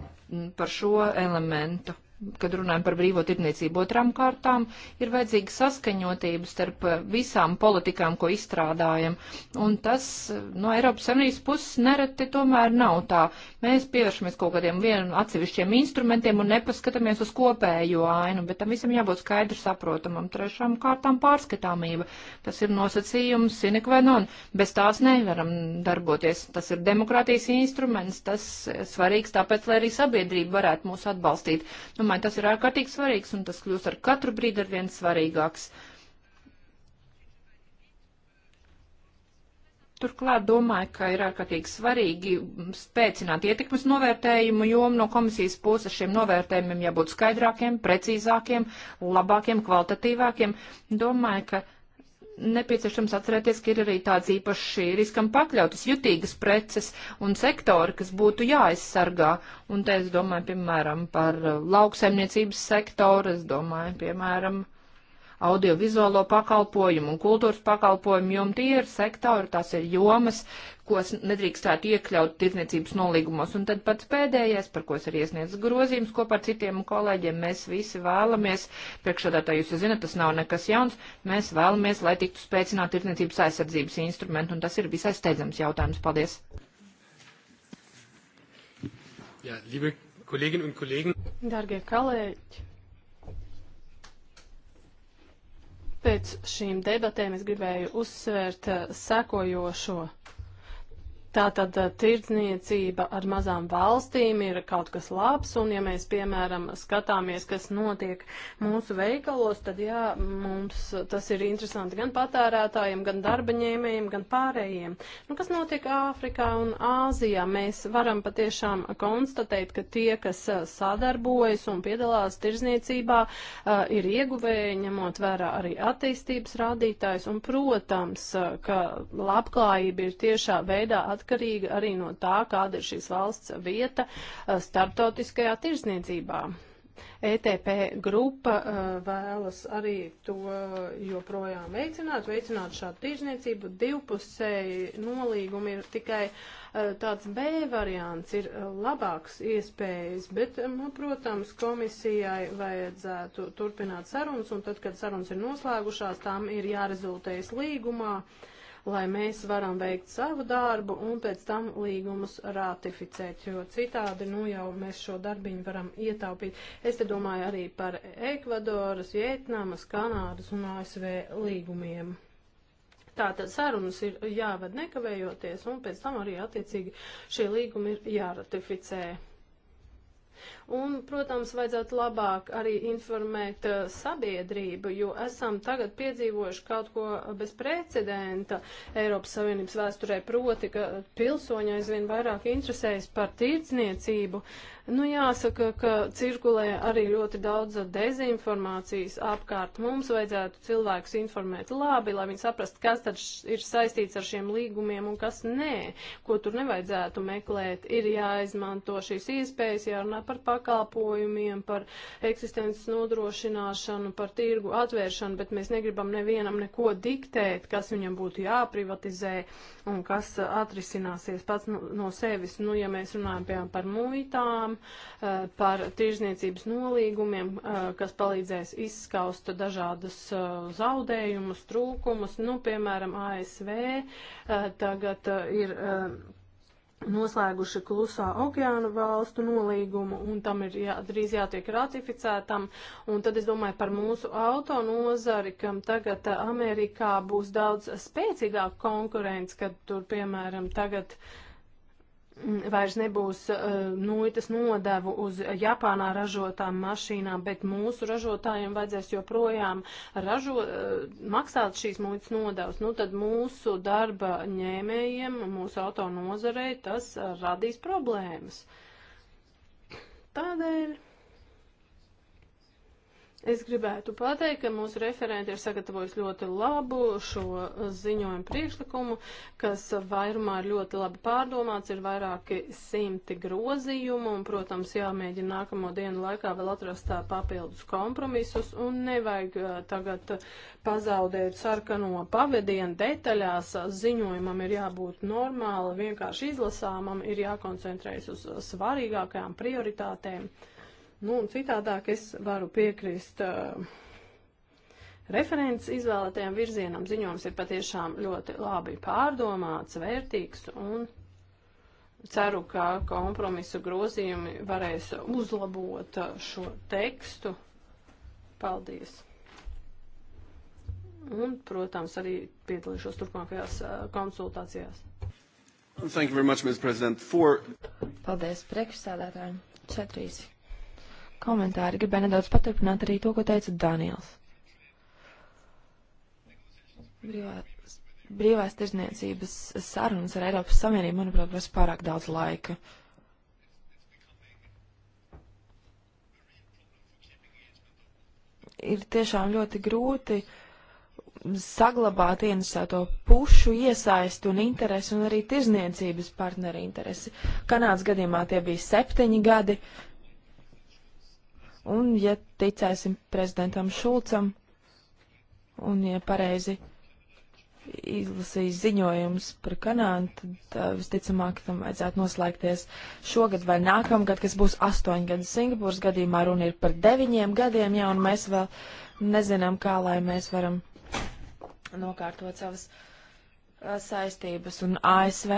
par šo elementu kad runājam par brīvo tirniecību otrām kārtām, ir vajadzīga saskaņotība starp eh, visām politikām, ko izstrādājam. Un tas eh, no Eiropas Savienības puses nereti tomēr nav tā. Mēs pievēršamies kaut kādiem vienu atsevišķiem instrumentiem un nepaskatāmies uz kopējo ainu, bet tam visam jābūt skaidri saprotamam. Trešām kārtām pārskatāmība. Tas ir nosacījums sine qua non. Bez tās nevaram darboties. Tas ir demokrātijas instruments, tas eh, svarīgs tāpēc, lai arī sabiedrība varētu mūs atbalstīt. Nu, domāju, tas ir ārkārtīgi svarīgs un tas kļūst ar katru brīdi ar vien svarīgāks. Turklāt domāju, ka ir ārkārtīgi svarīgi spēcināt ietekmes novērtējumu, jo no komisijas puses šiem novērtējumiem jābūt skaidrākiem, precīzākiem, labākiem, kvalitatīvākiem. Domāju, ka nepieciešams atcerēties, ka ir arī tāds īpaši riskam pakļautas jutīgas preces un sektori, kas būtu jāaizsargā. Un te es domāju, piemēram, par lauksaimniecības sektoru, es domāju, piemēram, audiovizuālo pakalpojumu un kultūras pakalpojumu, jo tie ir sektori, tās ir jomas, ko nedrīkstētu iekļaut tirdzniecības nolīgumos. Un tad pats pēdējais, par ko es arī iesniedzu grozījums kopā ar citiem kolēģiem, mēs visi vēlamies, priekšādātāji jūs zinat, tas nav nekas jauns, mēs vēlamies, lai tiktu spēcināt tirdzniecības aizsardzības instrumentu, un tas ir visai steidzams jautājums. Paldies! Ja, liebe Kolleginnen und Kollegen. Dargie kolēģi, pēc šīm debatēm es gribēju uzsvērt uh, sekojošo. Tātad tirdzniecība ar mazām valstīm ir kaut kas labs, un ja mēs, piemēram, skatāmies, kas notiek mūsu veikalos, tad jā, mums tas ir interesanti gan patērētājiem, gan darbaņēmējiem, gan pārējiem. Nu, kas notiek Āfrikā un Āzijā? Mēs varam patiešām konstatēt, ka tie, kas sadarbojas un piedalās tirdzniecībā, ir ieguvēji, ņemot vērā arī attīstības rādītājs, un, protams, ka labklājība ir tiešā veidā attīstība atkarīga arī no tā, kāda ir šīs valsts vieta eh, starptautiskajā tirzniecībā. ETP grupa eh, vēlas arī to eh, joprojām veicināt, veicināt šādu tirzniecību. Divpusēji nolīgumi ir tikai tāds B variants, ir labāks iespējas, bet, nu, protams, komisijai vajadzētu turpināt sarunas, un tad, kad sarunas ir noslēgušās, tām ir jārezultējas līgumā. Uh, lai mēs varam veikt savu darbu un pēc tam līgumus ratificēt, jo citādi, nu jau mēs šo darbiņu varam ietaupīt. Es te domāju arī par Ekvadoras, Vietnamas, Kanādas un ASV līgumiem. Tātad sarunas ir jāved nekavējoties un pēc tam arī attiecīgi šie līgumi ir jāratificē. Un, protams, vajadzētu labāk arī informēt uh, sabiedrību, jo esam tagad piedzīvojuši kaut ko bez precedenta Eiropas Savienības vēsturē, proti, ka pilsoņi aizvien vairāk interesējas par tirdzniecību. Uh, Nu, jāsaka, ka cirkulē arī ļoti daudz dezinformācijas apkārt. Mums vajadzētu cilvēkus informēt labi, lai viņi saprastu, kas tad ir saistīts ar šiem līgumiem un kas nē, ko tur nevajadzētu meklēt. Ir jāizmanto šīs iespējas, jārunā par pakalpojumiem, par eksistences nodrošināšanu, par tirgu atvēršanu, bet mēs negribam nevienam neko diktēt, kas viņam būtu jāprivatizē un kas atrisināsies pats no, nu, no sevis. Nu, ja mēs runājam, piemēram, par muitām, Uh, par tirzniecības nolīgumiem, uh, kas palīdzēs izskaust dažādas uh, zaudējumus, trūkumus. Nu, piemēram, ASV tagad ir noslēguši klusā okeāna valstu nolīgumu, un tam ir jā, drīz jātiek ratificētam. Un tad es domāju par mūsu auto nozari, kam tagad Amerikā būs daudz spēcīgāk konkurence, kad tur, piemēram, tagad uh, Mm, vairs nebūs uh, muitas nodevu uz Japānā ražotām mašīnām, bet mūsu ražotājiem vajadzēs joprojām ražo, uh, maksāt šīs muitas nodevas. Nu, tad mūsu darba ņēmējiem, mūsu autonozarei tas uh, radīs problēmas. Tādēļ Es gribētu pateikt, ka mūsu referenti ir sagatavojusi ļoti labu šo ziņojumu priekšlikumu, kas vairumā ir ļoti labi pārdomāts, ir vairāki simti grozījumu un, protams, jāmēģina nākamo dienu laikā vēl atrast tā papildus kompromisus un nevajag uh, tagad pazaudēt sarkano pavadienu detaļās. Ziņojumam ir jābūt normāli, vienkārši izlasāmam, ir jākoncentrējas uz svarīgākajām prioritātēm. Uh, Nu, un citādāk es varu piekrist uh, referents izvēlētajam virzienam. Ziņojums ir patiešām ļoti labi pārdomāts, vērtīgs un ceru, ka kompromisu grozījumi varēs uzlabot eh, šo tekstu. Paldies! Un, protams, arī piedalīšos turpmākajās eh, konsultācijās. Thank you very much, Ms. President, for... Paldies, priekšsēdētāji. Četrīs komentāri. Gribēju nedaudz paturpināt arī to, ko teica Daniels. Brīvās, brīvās tirzniecības sarunas ar Eiropas Savienību, manuprāt, prasa pārāk daudz laika. Ir tiešām ļoti grūti saglabāt ienesēto pušu iesaistu un interesi un arī tirzniecības partneri interesi. Kanādas gadījumā tie bija septiņi gadi, uh, Un, ja ticēsim prezidentam Šulcam, un, ja pareizi izlasīs ziņojums par Kanādu, tad uh, visticamāk tam vajadzētu noslēgties šogad vai nākamgad, kas būs astoņi gadi. Singapūras gadījumā runa ir par deviņiem gadiem, jā, un mēs vēl nezinām, kā lai mēs varam nokārtot savas uh, saistības. Un ASV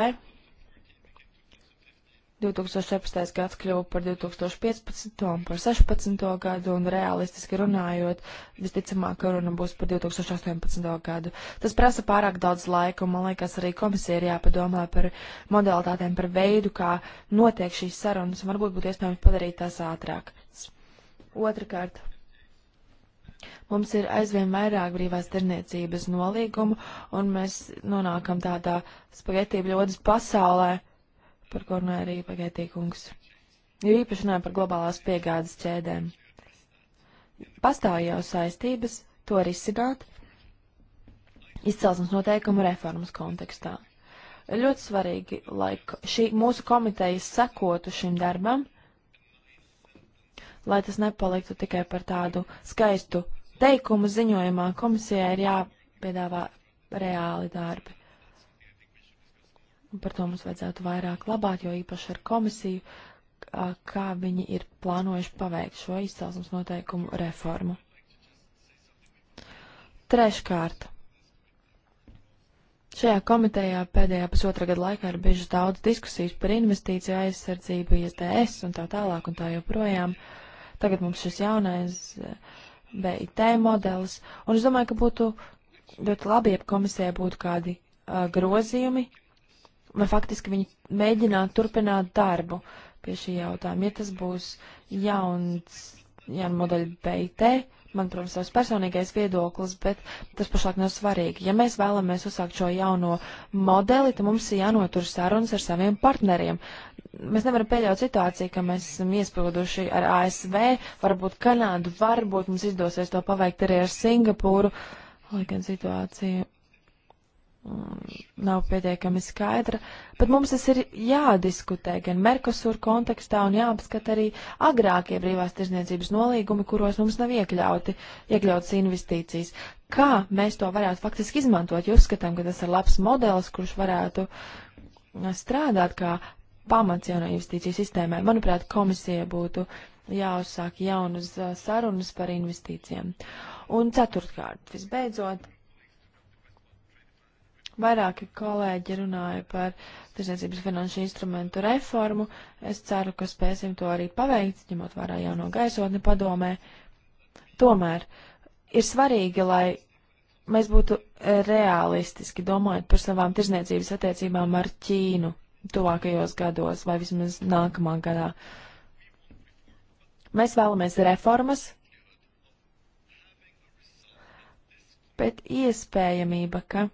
2017. gads kļuva par 2015. un par 16. gadu, un realistiski runājot, visticamāk, runa būs par 2018. gadu. Tas prasa pārāk daudz laika, un man liekas, arī komisija ir jāpadomā par modalitātēm, par veidu, kā notiek šīs sarunas, un varbūt būtu iespējams padarīt tās ātrāk. Otrakārt. Mums ir aizvien vairāk brīvās tirniecības nolīgumu, un mēs nonākam tādā spagetību ļodas pasaulē par ko runāja arī pagaitīkungs. Jo īpaši runāja par globālās piegādes ķēdēm. Pastāv jau saistības to risināt izcelsmes noteikumu reformas kontekstā. Ļoti svarīgi, lai šī mūsu komiteja sekotu šim darbam, lai tas nepaliktu tikai par tādu skaistu teikumu ziņojumā, komisijai ir jāpiedāvā reāli darbi. Par to mums vajadzētu vairāk labāk, jo īpaši ar komisiju, kā viņi ir plānojuši paveikt šo izcelsmes noteikumu reformu. Treškārt. Šajā komitejā pēdējā pusotra gada laikā ir bijušas daudz diskusijas par investīciju aizsardzību, ISDS un tā tālāk un tā joprojām. Tagad mums šis jaunais e, BIT modelis, un es domāju, ka būtu ļoti labi, ja komisijai būtu kādi uh, grozījumi vai faktiski viņi mēģināt turpināt darbu pie šī jautājuma. Ja tas būs jauns, jauna modeļa BIT, man, protams, savs personīgais viedoklis, bet tas pašlaik nav svarīgi. Ja mēs vēlamies uzsākt šo jauno modeli, tad mums ir jānotur sarunas ar saviem partneriem. Mēs nevaram pieļaut situāciju, ka mēs esam iesprūduši ar ASV, varbūt Kanādu, varbūt mums izdosies to paveikt arī ar Singapūru, lai gan situācija nav pietiekami skaidra, bet mums tas ir jādiskutē gan Merkosur kontekstā un jāapskata arī agrākie brīvās tirzniecības nolīgumi, kuros mums nav iekļauti, iekļautas investīcijas. Kā mēs to varētu faktiski izmantot? Jūs skatām, ka tas ir labs modelis, kurš varētu strādāt kā pamats jaunai investīciju sistēmai. Manuprāt, komisija būtu jāuzsāk jaunas uh, sarunas par investīcijām. Un ceturtkārt, visbeidzot, Vairāki kolēģi runāja par tirsniecības finanšu instrumentu reformu. Es ceru, ka spēsim to arī paveikt, ņemot vērā jauno gaisotni padomē. Tomēr ir svarīgi, lai mēs būtu realistiski domājot par savām tirsniecības attiecībām ar Ķīnu tuvākajos gados vai vismaz nākamā gadā. Mēs vēlamies reformas, bet iespējamība, ka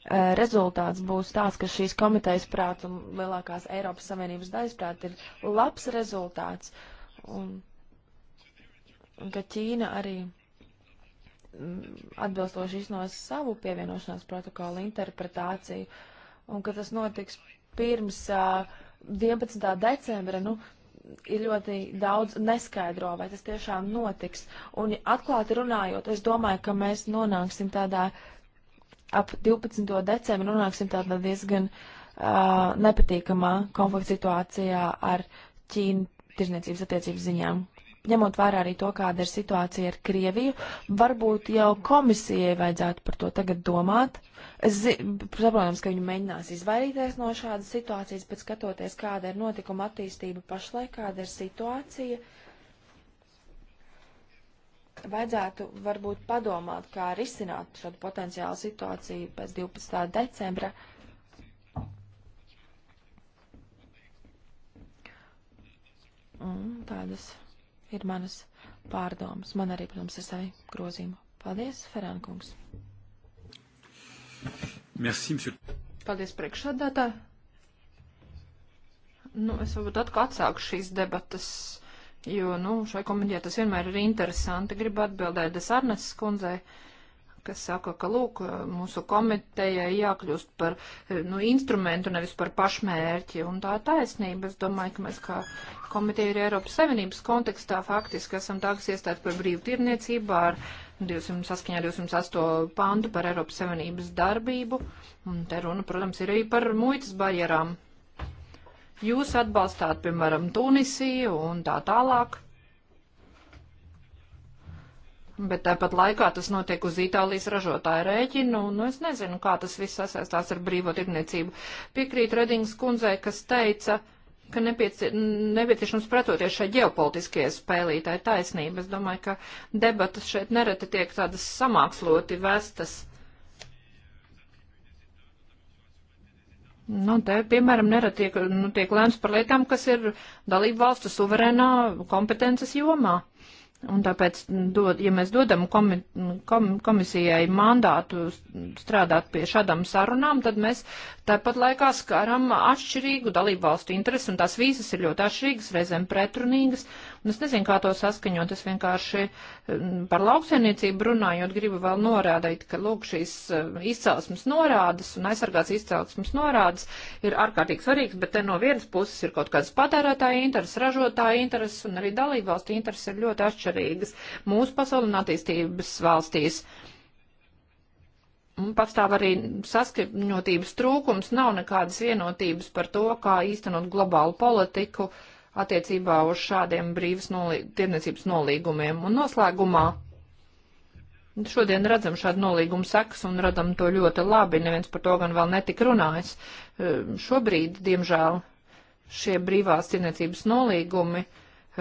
Eh, rezultāts būs tāds, ka šīs komitejas prāt un lielākās Eiropas Savienības daļas prāt ir labs rezultāts, un, un ka Ķīna arī mm, atbilstoši iznos savu pievienošanās protokolu interpretāciju, un ka tas notiks pirms uh, eh, 11. decembra, nu, ir ļoti daudz neskaidro, vai tas tiešām notiks. Un atklāti runājot, es domāju, ka mēs nonāksim tādā ap 12. decembri nonāksim tādā diezgan uh, nepatīkamā konflikta situācijā ar Ķīnu tirzniecības attiecības ziņām. Ņemot vērā arī to, kāda ir situācija ar Krieviju, varbūt jau komisijai vajadzētu par to tagad domāt. Es saprotams, ka viņi mēģinās izvairīties no šādas situācijas, bet skatoties, kāda ir notikuma attīstība pašlaik, kāda ir situācija, vajadzētu varbūt padomāt, kā risināt šādu potenciālu situāciju pēc 12. decembra. Un tādas ir manas pārdomas. Man arī, protams, ir savi grozījumi. Paldies, Ferānkungs. Merci, monsieur. Paldies, priekšsādātāji. Nu, es varbūt atkal atsāku šīs debatas jo, nu, šai komandijai tas vienmēr ir interesanti. Gribu atbildēt Desarnes skundzei, kas saka, ka, lūk, mūsu komitejai jākļūst par, nu, instrumentu, nevis par pašmērķi, un tā taisnība. Es domāju, ka mēs kā komiteja ir Eiropas Savienības kontekstā faktiski esam tā, kas iestāda par brīvtirniecību ar 208, 208 pantu par Eiropas Savienības darbību, un te runa, protams, ir arī par muitas barjerām Jūs atbalstāt, piemēram, Tunisiju un tā tālāk. Bet tāpat laikā tas notiek uz Itālijas ražotāja rēķinu, un nu, es nezinu, kā tas viss sasaistās ar brīvo tirniecību. Piekrīt Redings kundzei, kas teica, ka nepieci nepieciešams pretoties šai ģeopolitiskajai spēlītāji taisnība. Es domāju, ka debatas šeit nereti tiek tādas samāksloti vestas. Nu, te, piemēram, neratiek, nu, tiek lēms par lietām, kas ir dalību valstu suverēnā kompetences jomā. Un tāpēc, dod, ja mēs dodam komi, kom, komisijai mandātu strādāt pie šādām sarunām, tad mēs tāpat laikā skaram atšķirīgu dalību valstu interesi, un tās vīzas ir ļoti atšķirīgas, reizēm pretrunīgas, Un nu, es nezinu, kā to saskaņot. Es vienkārši mm, par lauksaimniecību runājot gribu vēl norādīt, ka lūk šīs eh, izcelsmes norādes un aizsargāts izcelsmes norādes ir ārkārtīgi svarīgs, bet te no vienas puses ir kaut kāds patērētāja interesi, ražotāja interesi un arī dalībvalstu interesi ir ļoti atšķirīgas mūsu pasauli un attīstības valstīs pastāv arī saskaņotības trūkums, nav nekādas vienotības par to, kā īstenot globālu politiku uh, attiecībā uz šādiem brīvas nolī tirniecības nolīgumiem. Un noslēgumā šodien redzam šādu nolīgumu sekas un radam to ļoti labi. Neviens par to gan vēl netika runājis. E, šobrīd, diemžēl, šie brīvās tirniecības nolīgumi e,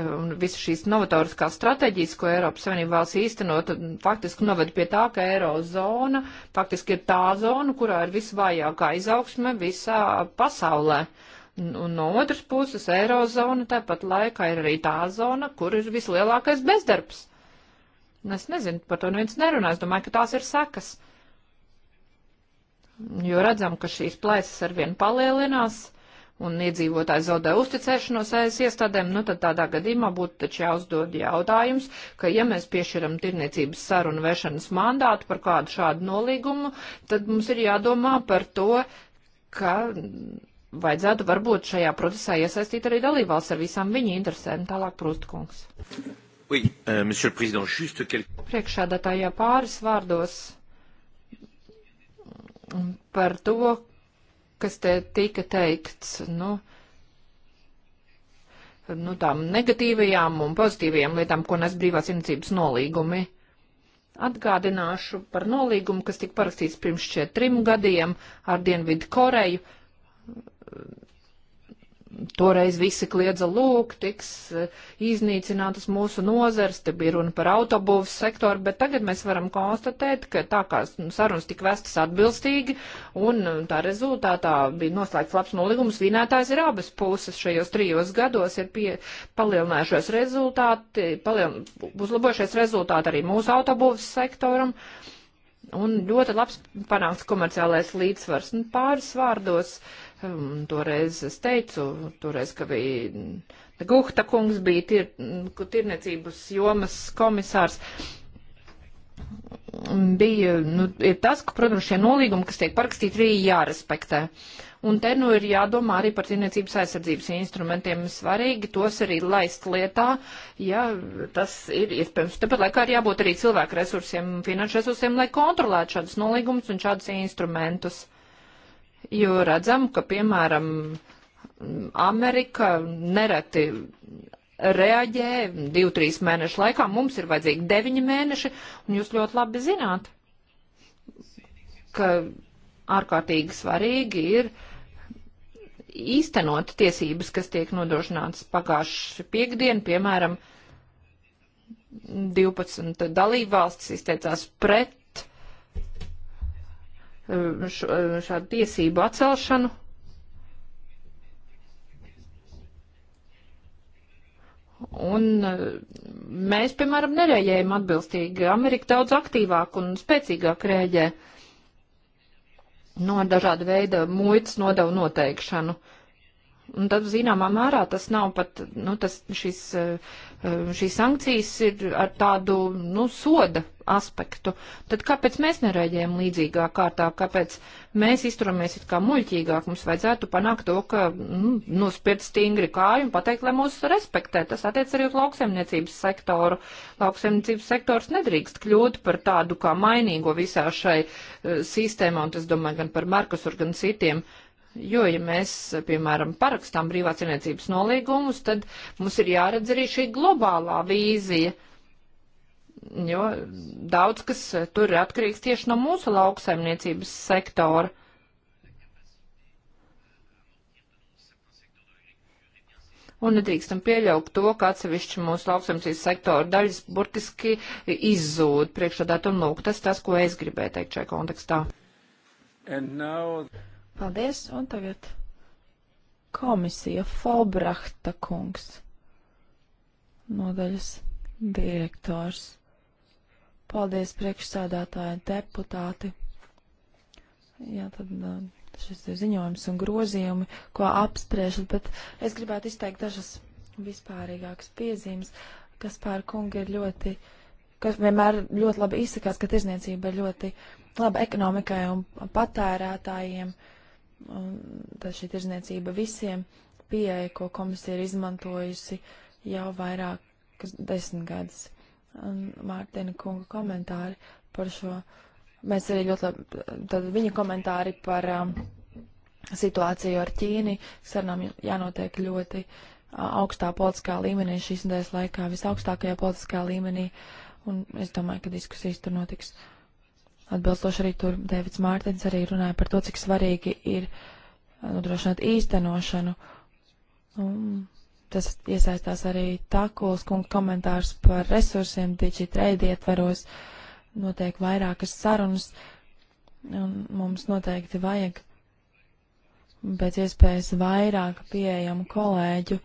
un visas šīs novatoriskās stratēģijas, ko Eiropas Savienība vēlas īstenot, faktiski noved pie tā, ka Eirozona faktiski ir tā zona, kurā ir visvājākā izaugsme visā pasaulē. Uh, Un no otras puses, Eirozona tāpat laikā ir arī tā zona, kur ir vislielākais bezdarbs. Un es nezinu, par to neviens nerunā. Es domāju, ka tās ir sekas. Jo redzam, ka šīs plaisas arvien palielinās un iedzīvotāji zaudē uzticēšanos aiz iestādēm, nu tad tādā gadījumā būtu taču jāuzdod jautājums, ka ja mēs piešķiram tirniecības sarunu vešanas mandātu par kādu šādu nolīgumu, tad mums ir jādomā par to, ka vajadzētu varbūt šajā procesā iesaistīt arī dalībvalsts ar visām viņa interesēm. Tālāk Prūstkungs. Oui, uh, quel... Priekšādātājā pāris vārdos par to, kas te tika teikts, nu, nu tām negatīvajām un pozitīvajām lietām, ko nes brīvās imcības nolīgumi. Atgādināšu par nolīgumu, kas tika parakstīts pirms šie trim gadiem ar Dienvidu Koreju Toreiz visi kliedza lūk, tiks e, iznīcinātas mūsu nozars, te bija runa par autobūvas sektoru, bet tagad mēs varam konstatēt, ka tā kā sarunas tika vestas atbilstīgi un e, tā rezultātā bija noslēgts labs nolīgums, vinētājs ir abas puses šajos trijos gados, ir pie, palielinājušies rezultāti, palielin, uzlabojušies rezultāti arī mūsu autobūvas sektoram. Un ļoti labs panāks komerciālais līdzsvars. Un pāris vārdos. Uh, Um, toreiz es teicu, toreiz, ka bija Guhta kungs, bija tir, tirniecības jomas komisārs. Bija, nu, ir tas, ka, protams, šie nolīgumi, kas tiek parakstīti, arī jārespektē. Un te nu ir jādomā arī par tirniecības aizsardzības instrumentiem. Svarīgi tos arī laist lietā, ja tas ir iespējams. Tāpat laikā ir jābūt arī cilvēku resursiem, finanšu resursiem, lai kontrolētu šādus nolīgumus un šādus instrumentus. Uh, jo redzam, ka, piemēram, Amerika nereti reaģē divu, trīs mēnešu laikā. Mums ir vajadzīgi deviņi mēneši, un jūs ļoti labi zināt, ka ārkārtīgi svarīgi ir īstenot tiesības, kas tiek nodrošinātas pagājuši piekdien, piemēram, 12 dalībvalstis izteicās pret Um, um, šādu tiesību atcelšanu. Un uh, mēs, piemēram, nereaģējam atbilstīgi. Amerika daudz aktīvāk un spēcīgāk rēģē no nu, dažāda veida muitas nodevu noteikšanu. Un tad, zināmā mērā, tas nav pat, nu, tas šis uh, Ehm, šīs sankcijas ir ar tādu, nu, soda aspektu, tad kāpēc mēs nereaģējam līdzīgā kārtā, kāpēc mēs izturamies it kā muļķīgāk, mums vajadzētu panākt to, ka nu, nospied stingri kāju un pateikt, lai mūs respektē. Tas attiec arī uz lauksemniecības sektoru. Lauksemniecības sektors nedrīkst kļūt par tādu kā mainīgo visā šai uh, sistēmā, un tas domāju gan par Merkusur, gan citiem. Uh, Jo, ja mēs, piemēram, parakstām brīvā cienniecības nolīgumus, tad mums ir jāredz arī šī globālā vīzija. Jo daudz kas tur ir atkarīgs tieši no mūsu lauksaimniecības sektora. un nedrīkstam pieļaut to, ka atsevišķi mūsu lauksaimniecības sektora daļas burtiski izzūd priekšādāt un lūk, tas tas, ko es gribēju teikt šajā kontekstā. Now... Paldies, un tagad komisija Folbrahta kungs, nodaļas direktors. Paldies priekšsādātāji deputāti. Jā, tad nu, šis ir ziņojums un grozījumi, ko apspriešat, bet es gribētu izteikt dažas vispārīgākas piezīmes, kas pār kungi ir ļoti, kas vienmēr ļoti labi izsakās, ka tirzniecība ir ļoti laba ekonomikai un patērētājiem. Uh, tā šī tirzniecība visiem pieeja, ko komisija ir izmantojusi jau vairākas desmitgades. Mārtiņa kunga komentāri par šo. Mēs arī ļoti labi, tad viņa komentāri par um, situāciju ar Ķīni, sarunām jānotiek ļoti uh, augstā politiskā līmenī, šīs nedēļas laikā visaugstākajā politiskā līmenī, un es domāju, ka diskusijas tur notiks. Uh, Atbilstoši arī tur Dēvids Mārtiņš arī runāja par to, cik svarīgi ir uh, nodrošināt īstenošanu. Un tas iesaistās arī Takulas kunga komentārs par resursiem Digitrade ietvaros. Notiek vairākas sarunas, un mums noteikti vajag pēc iespējas vairāk pieejamu kolēģu,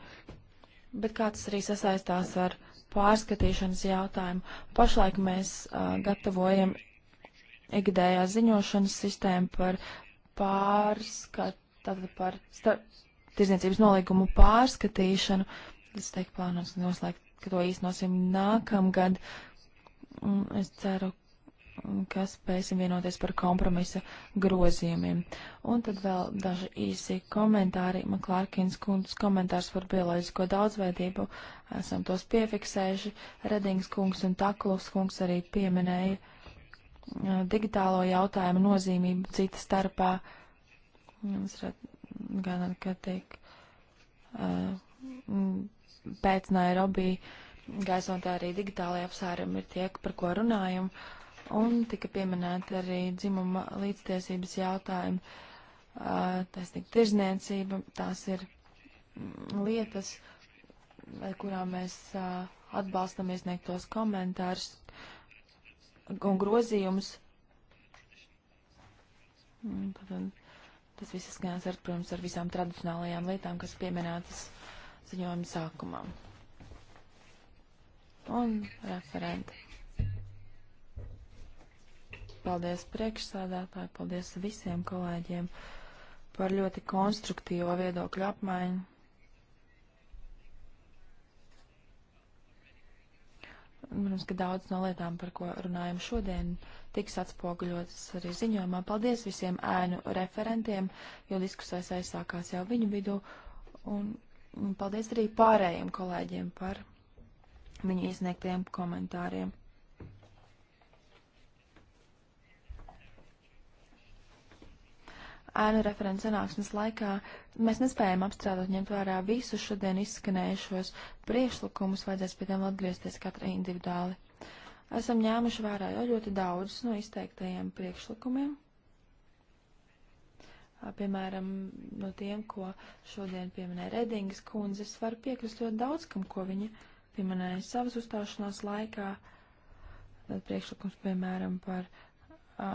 bet kā tas arī sasaistās ar pārskatīšanas jautājumu. Pašlaik mēs uh, gatavojam ikdējā ziņošanas sistēma par pārskatu, tātad par tirdzniecības nolīgumu pārskatīšanu. Tas tiek plānots noslēgt, ka to īstenosim nākamgad. Es ceru, ka spēsim vienoties par kompromisa grozījumiem. Un tad vēl daži īsi komentāri. Man Klārkins kundzes komentārs par bioloģisko daudzveidību. Esam tos piefiksējuši. Redings kungs un Taklus kungs arī pieminēja digitālo jautājumu nozīmību cita starpā. Mums ir gan, ka tiek pēc Nairobi gaisotā arī digitālajā apsārumi ir tie, par ko runājam, un tika pieminēta arī dzimuma līdztiesības jautājumi, taisnība tirzniecība, tās ir lietas, kurā mēs atbalstam iesniegtos komentārus, uh, un grozījumus. Tas viss skanās, ar, protams, ar visām tradicionālajām lietām, kas pieminētas ziņojuma sākumā. Un referenti. Paldies priekšsādātāji, paldies visiem kolēģiem par ļoti konstruktīvo viedokļu apmaiņu. Protams, ka daudz no lietām, par ko runājam šodien, tiks atspoguļotas arī ziņojumā. Paldies visiem ēnu referentiem, jo diskusijas aizsākās jau viņu vidū. Un, un paldies arī pārējiem kolēģiem par viņu iesniegtiem komentāriem. ēnu referents sanāksmes laikā mēs nespējam apstrādāt ņemt vērā visus šodien izskanējušos priekšlikumus, vajadzēs pie tiem atgriezties katrai individuāli. Esam ņēmuši vērā jau ļoti daudzus no izteiktajiem priekšlikumiem. Piemēram, no tiem, ko šodien pieminēja Redingas kundze, es varu piekrist ļoti daudz, kam, ko viņa pieminēja savas uzstāšanās laikā. Tad priekšlikums, piemēram, par uh,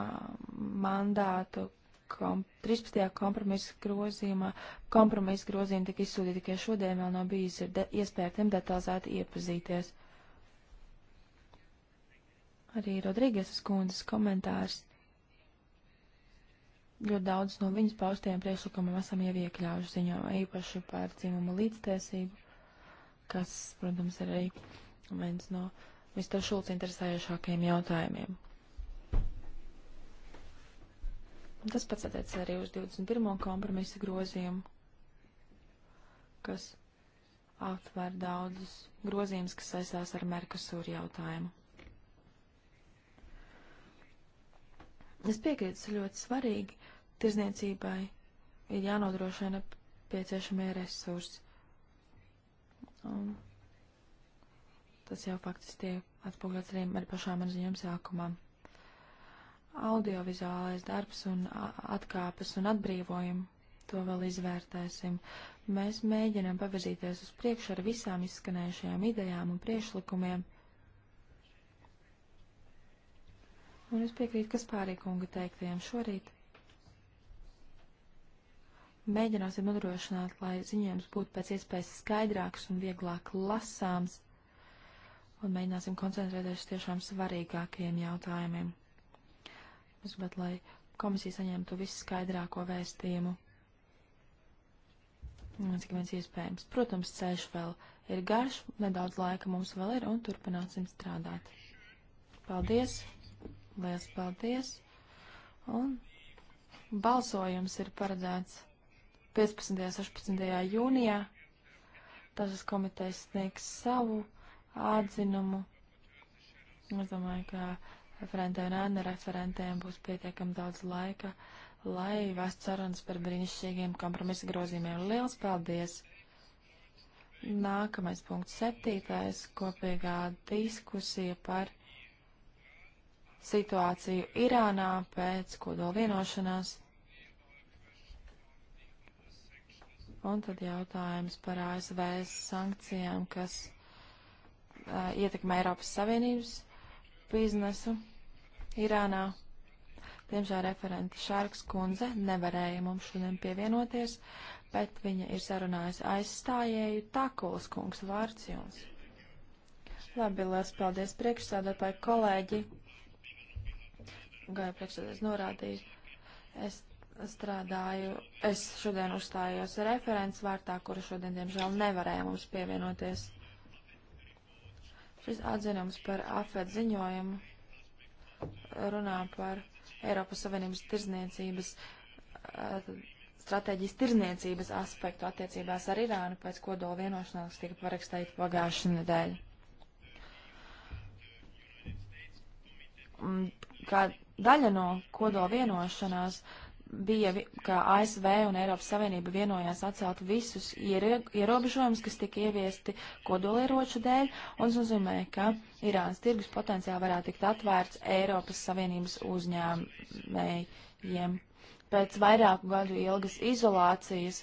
mandātu kom, 13. kompromisa grozījumā. Kompromisa grozījumi tika izsūtīti tikai šodien, vēl nav bijis de, iespēja tiem detalizēti iepazīties. Arī Rodrīgesas kundzes komentārs. Ļoti daudz no viņas paustajiem priekšlikumiem esam jau iekļāvuši ziņojumā, īpaši par dzimumu līdztiesību, kas, protams, ir arī viens no visu to šulc interesējošākajiem jautājumiem, Tas pats attiecas arī uz 21. kompromisa grozījumu, kas aptver daudzus grozījumus, kas saistās ar Merkusūru jautājumu. Es piekrītu, tas ir ļoti svarīgi. Tirzniecībai ir jānodrošina nepieciešamie resursi. Un tas jau faktiski tiek atpūgļots arī ar pašā man ziņām sākumā audiovizuālais darbs un atkāpes un atbrīvojumi. To vēl izvērtēsim. Mēs mēģinām pavirzīties uz priekšu ar visām izskanējušajām idejām un priešlikumiem. Un es piekrītu Kaspārīkunga teiktajiem šorīt. Mēģināsim nodrošināt, lai ziņojums būtu pēc iespējas skaidrāks un vieglāk lasāms, un mēģināsim koncentrēties tiešām svarīgākajiem jautājumiem. Es gribētu, lai komisija saņemtu visskaidrāko vēstījumu. Cik viens iespējams. Protams, ceļš vēl ir garš, nedaudz laika mums vēl ir un turpināsim strādāt. Paldies! Lielas paldies! Un balsojums ir paredzēts 15. un 16. jūnijā. Tašas komitejas sniegs savu atzinumu. Es domāju, ka referentē un ēna referentēm būs pietiekami daudz laika, lai vest sarunas par brīnišķīgiem kompromisa grozījumiem. Liels paldies! Nākamais punkts septītais - kopīgā diskusija par situāciju Irānā pēc kodola vienošanās. Un tad jautājums par ASV sankcijām, kas uh, ietekmē Eiropas Savienības biznesu Irānā. Diemžēl referenta Šārks kundze nevarēja mums šodien pievienoties, bet viņa ir sarunājusi aizstājēju Takulas kungs vārds jums. Labi, liels paldies priekšsādātāji kolēģi. Gāja priekšsādātājs norādīja. Es strādāju, es šodien uzstājos referents vārtā, kura šodien, diemžēl, nevarēja mums pievienoties. Šis atzinums par AFED ziņojumu runā par Eiropas Savienības tirzniecības, eh, stratēģijas tirzniecības aspektu attiecībās ar Irānu, pēc kodola vienošanās tika parakstīta pagājušajā nedēļa. Mm, kā daļa no kodola vienošanās uh, bija, ka ASV un Eiropas Savienība vienojās atcelt visus ierobežojumus, kas tika ieviesti kodolieroču dēļ, un tas nozīmē, ka Irānas tirgus potenciāli varētu tikt atvērts Eiropas Savienības uzņēmējiem. Pēc vairāku gadu ilgas izolācijas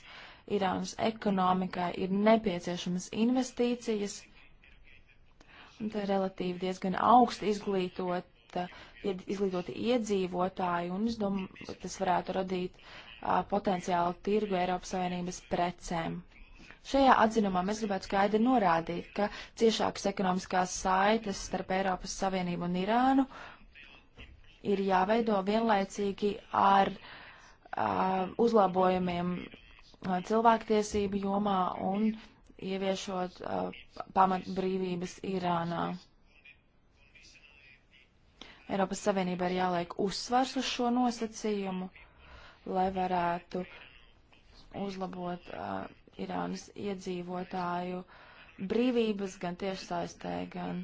Irānas ekonomikai ir nepieciešamas investīcijas, un te relatīvi diezgan augsti izglītot izglīta, izglītoti iedzīvotāji, un es domāju, tas varētu radīt uh, potenciālu tirgu Eiropas Savienības precēm. Šajā atzinumā mēs gribētu skaidri norādīt, ka ciešākas ekonomiskās saites starp Eiropas Savienību un Irānu ir jāveido vienlaicīgi ar uh, uzlabojumiem uh, cilvēktiesību jomā un ieviešot uh, pamatbrīvības Irānā. Eiropas Savienība ir jāliek uzsvars uz šo nosacījumu, lai varētu uzlabot uh, Irānas iedzīvotāju brīvības gan tiešsaistē, gan,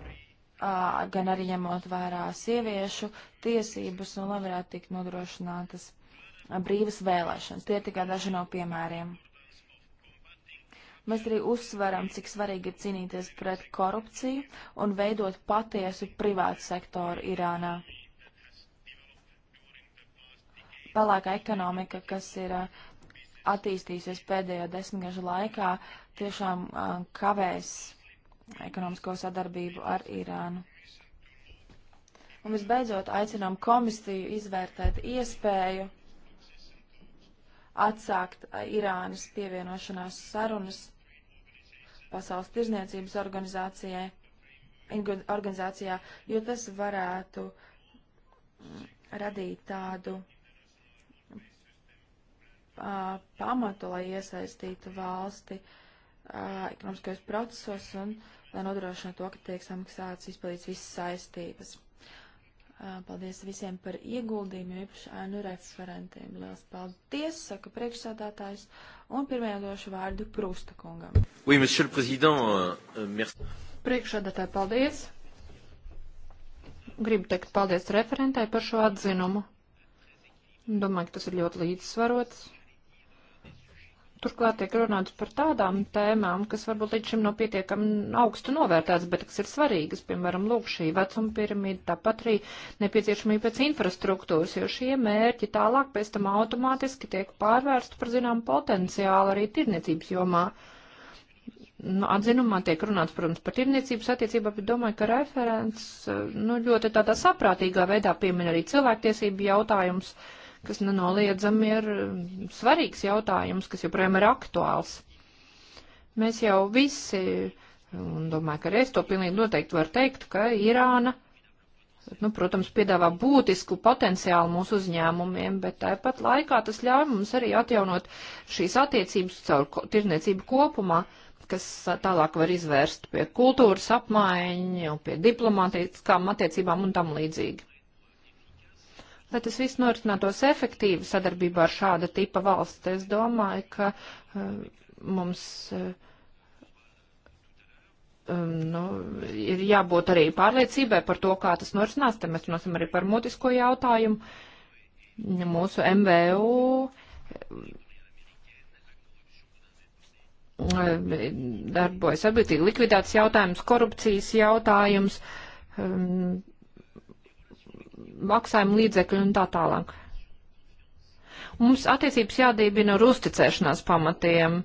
uh, gan arī ņemot vērā sieviešu tiesības un lai varētu tikt nodrošinātas uh, brīvas vēlēšanas. Tie ir tikai daži no piemēriem. Mēs arī uzsveram, cik svarīgi ir cīnīties pret korupciju un veidot patiesu privātu sektoru Irānā. Pelēkā ekonomika, kas ir uh, attīstījusies pēdējo desmitgažu laikā, tiešām uh, kavēs ekonomisko sadarbību ar Irānu. Un visbeidzot aicinām komisiju izvērtēt iespēju atsākt uh, Irānas pievienošanās sarunas Pasaules tirzniecības organizācijai, organizācijā, jo tas varētu mm, radīt tādu uh, pamatu, lai iesaistītu valsti uh, ekonomiskajos procesos un lai nodrošinātu to, ka tiek samaksāts izpildīts visas saistības. Uh, paldies visiem par ieguldījumu, īpaši ēnu referentiem. Lielas paldies, saka priekšsādātājs, un pirmajā došu vārdu Prūsta kungam. Oui, monsieur le président, euh, euh, merci. Priekšsādātāji, paldies. Gribu teikt paldies referentai par šo atzinumu. Domāju, ka tas ir ļoti līdzsvarots Turklāt tiek runāts par tādām tēmām, kas varbūt līdz šim nav no pietiekami augstu novērtēts, bet kas ir svarīgas, piemēram, lūk šī vecuma piramīda, tāpat arī nepieciešamība pēc infrastruktūras, jo šie mērķi tālāk pēc tam automātiski tiek pārvērsti par zinām potenciālu arī tirniecības jomā. Nu, atzinumā tiek runāts, protams, par tirniecības attiecībā, bet domāju, ka referents eh, nu, ļoti tādā saprātīgā veidā piemin arī cilvēktiesību jautājumus. Uh, kas nenoliedzami nu, ir um, svarīgs jautājums, kas joprojām ir aktuāls. Mēs jau visi, un domāju, ka arī es to pilnīgi noteikti varu teikt, ka Irāna, nu, protams, piedāvā būtisku potenciālu mūsu uzņēmumiem, bet tāpat laikā tas ļauj mums arī atjaunot šīs attiecības caur ko, tirniecību kopumā kas tālāk var izvērst pie kultūras apmaiņu, pie diplomātiskām attiecībām un tam līdzīgi. Lai tas viss noritinātos efektīvi sadarbībā ar šāda tipa valsts, es domāju, ka um, mums eh, um, nu, ir jābūt arī pārliecībai par to, kā tas norisinās. Te mēs runāsim arī par mutisko jautājumu. Mūsu MVU eh, darbojas atbildīgi likvidācijas jautājums, korupcijas jautājums. Um, maksājumu līdzekļu un tā tālāk. Mums attiecības jādībina ar uzticēšanās pamatiem.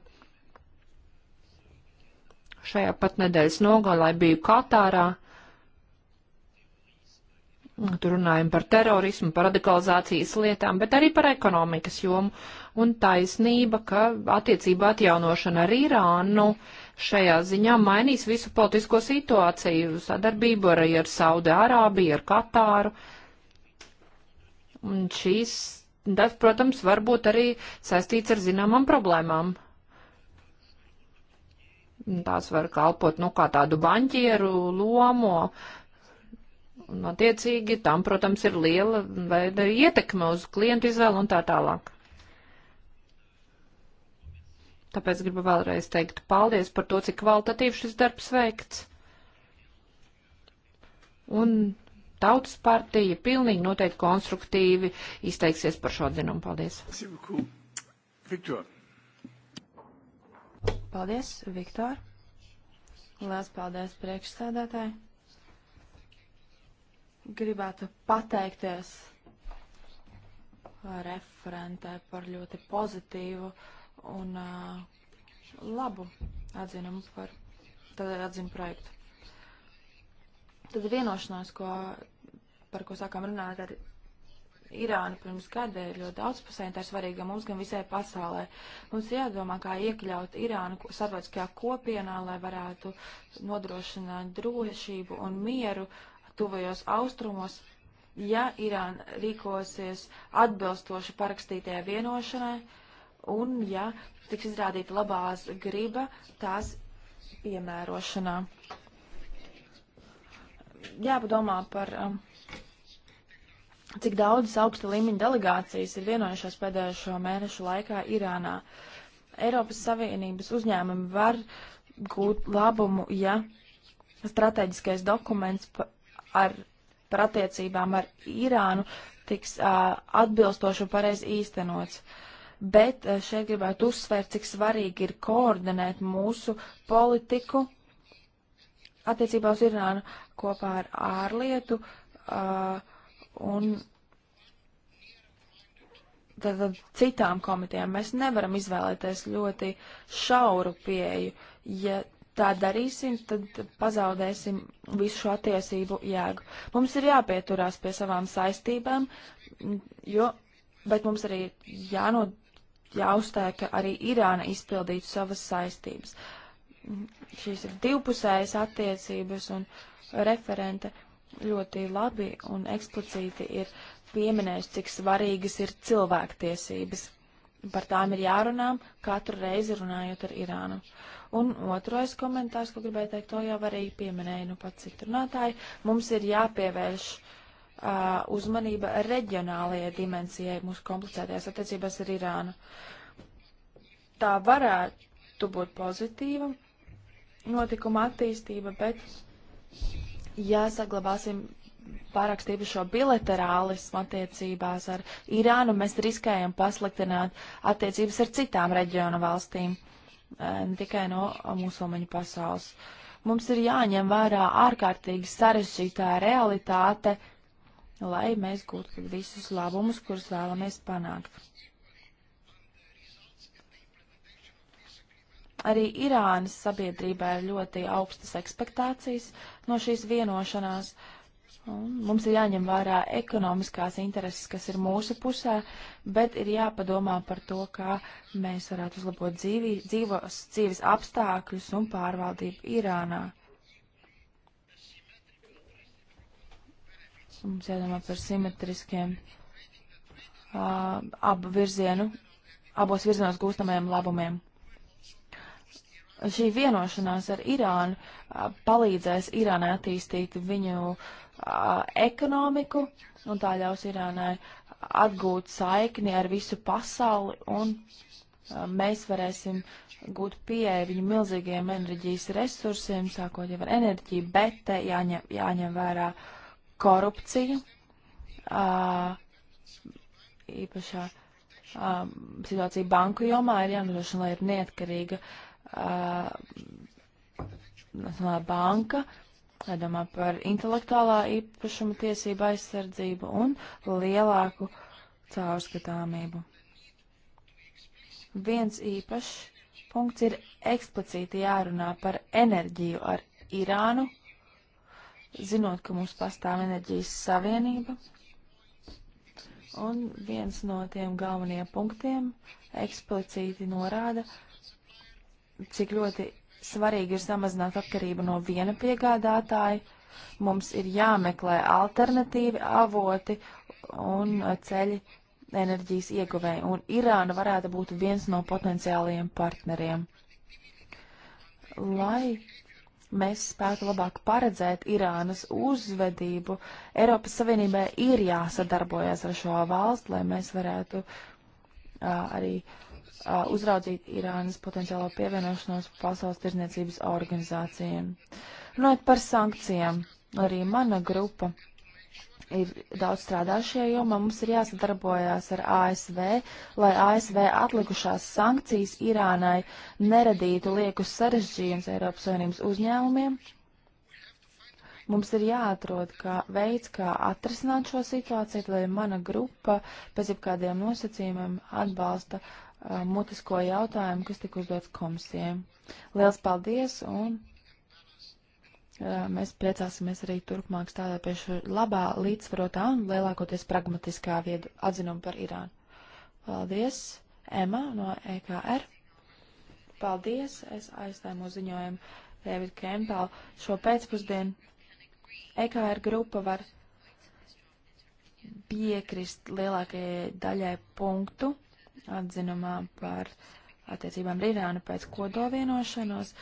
Šajā pat nedēļas nogalē biju Katārā. Tur runājam par terorismu, par radikalizācijas lietām, bet arī par ekonomikas jomu. Un taisnība, ka attiecība atjaunošana ar Irānu šajā ziņā mainīs visu politisko situāciju, sadarbību arī ar Saudi Arābiju, ar Katāru. Uh, Un šīs, tas, protams, var būt arī saistīts ar zināmām problēmām. Tās var kalpot, nu, kā tādu baņķieru lomu, un attiecīgi tam, protams, ir liela veida ietekme uz klientu izvēlu un tā tālāk. Tāpēc gribu vēlreiz teikt paldies par to, cik kvalitatīvi šis darbs veikts. Un Tautas partija pilnīgi noteikti konstruktīvi izteiksies par šo dzinumu. Paldies! Viktor. Paldies, Viktor! Lielas paldies priekšsēdētāji! Gribētu pateikties referentē par ļoti pozitīvu un uh, labu atzinumu par atzinu projektu. Tad vienošanās, ko, par ko sākām runāt ar Irānu pirms gada, ir ļoti daudzpusēji, tā ir svarīga mums gan visai pasaulē. Mums ir jādomā, kā iekļaut Irānu starptautiskajā kopienā, lai varētu nodrošināt drošību un mieru tuvajos austrumos, ja Irāna rīkosies atbilstoši parakstītajai vienošanai un ja tiks izrādīta labās griba tās piemērošanā jāpadomā par, um, cik daudzas augsta līmeņa delegācijas ir vienojušās pēdējo mēnešu laikā Irānā. Eiropas Savienības uzņēmumi var gūt labumu, ja strateģiskais dokuments pa, ar, par attiecībām ar Irānu tiks uh, atbilstoši un pareizi īstenots. Bet uh, šeit gribētu uzsvērt, cik svarīgi ir koordinēt mūsu politiku attiecībā uz Irānu kopā ar ārlietu uh, un tad, citām komitejām. Mēs nevaram izvēlēties ļoti šauru pieeju. Ja tā darīsim, tad pazaudēsim visu šo attiecību jēgu. Mums ir jāpieturās pie savām saistībām, jo, bet mums arī jāno, jāuzstāja, ka arī Irāna izpildītu savas saistības. Uh, šīs ir divpusējas attiecības un referente ļoti labi un eksplicīti ir pieminējusi, cik svarīgas ir cilvēktiesības. Par tām ir jārunā katru reizi runājot ar Irānu. Un otrais komentārs, ko gribēju teikt, to jau arī pieminēja nu pats citrunātāji. Mums ir jāpievērš uh, uzmanība reģionālajai dimensijai mūsu komplicētajās attiecībās ar Irānu. Tā varētu būt pozitīva, notikuma attīstība, bet ja saglabāsim pārāk stipri šo bilaterālismu attiecībās ar Irānu, mēs riskējam pasliktināt attiecības ar citām reģiona valstīm, eh, ne tikai no musulmaņu pasaules. Mums ir jāņem vērā ārkārtīgi sarežģītā realitāte, lai mēs gūtu visus labumus, kurus vēlamies panākt. Arī Irānas sabiedrībā ir ļoti augstas ekspektācijas no šīs vienošanās. Un mums ir jāņem vērā ekonomiskās intereses, kas ir mūsu pusē, bet ir jāpadomā par to, kā mēs varētu uzlabot dzīvi, dzīvos, dzīves apstākļus un pārvaldību Irānā. Mums jādomā par simetriskiem uh, abu virzienu, abos virzienos gūstamajiem labumiem šī vienošanās ar Irānu a, palīdzēs Irānai attīstīt viņu a, ekonomiku, un tā ļaus Irānai atgūt saikni ar visu pasauli, un a, mēs varēsim gūt pieeju viņu milzīgiem enerģijas resursiem, sākot jau ar enerģiju, bet te jāņem, jāņem vērā korupcija, īpašā situācija banku jomā ir jānodrošina, lai ir neatkarīga uh, Uh, Nacionālā banka, jādomā par intelektuālā īpašuma tiesību aizsardzību un lielāku caurskatāmību. Viens īpašs punkts ir eksplicīti jārunā par enerģiju ar Irānu, zinot, ka mums pastāv enerģijas savienība. Un viens no tiem galvenajiem punktiem eksplicīti norāda, uh, cik ļoti svarīgi ir samazināt atkarību no viena piegādātāja. Mums ir jāmeklē alternatīvi avoti un uh, ceļi enerģijas ieguvēji, un Irāna varētu būt viens no potenciālajiem partneriem. Lai mēs spētu labāk paredzēt Irānas uzvedību, Eiropas Savienībai ir jāsadarbojas ar šo valstu, lai mēs varētu uh, arī uh, uh, uzraudzīt Irānas potenciālo pievienošanos pasaules tirzniecības organizācijām. Runājot par sankcijām, arī mana grupa ir daudz strādājušie jomā, mums ir jāsadarbojās ar ASV, lai ASV atlikušās sankcijas Irānai neradītu liekus sarežģījums Eiropas Savienības uzņēmumiem. Mums ir jāatrod kā veids, kā atrisināt šo situāciju, lai mana grupa pēc jebkādiem nosacījumiem atbalsta uh, mutisko jautājumu, kas tika uzdots komisijai. Liels paldies un mēs priecāsimies arī turpmāk strādāt pie šī labā, līdzsvarotā un lielākoties pragmatiskā viedu atzinuma par Irānu. Paldies, Ema no EKR. Paldies, es aizstāju mūsu ziņojumu David Kempel šo pēcpusdienu. EKR grupa var piekrist lielākajai daļai punktu atzinumā par attiecībām ar Irānu pēc kodolvienošanos,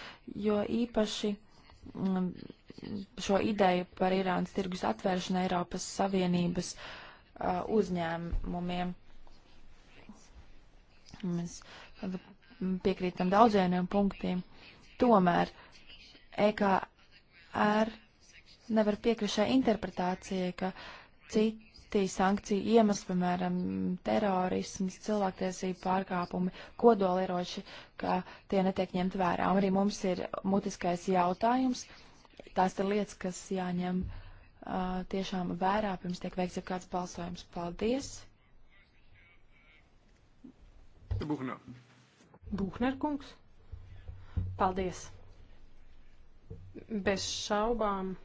jo īpaši m, mm, šo ideju par Irānas tirgus atvēršanu Eiropas Savienības uh, uzņēmumiem. Mēs piekrītam daudziem punktiem. Tomēr EKR nevar piekrist šai interpretācijai, ka cit, citi sankciju iemesli, piemēram, terorisms, cilvēktiesību pārkāpumi, kodolieroči, ka tie netiek ņemt vērā. Un arī mums ir mutiskais jautājums. Tās ir lietas, kas jāņem uh, tiešām vērā, pirms tiek veikts jau kāds balsojums. Paldies! Buhner. Buhner kungs. Paldies. Bez šaubām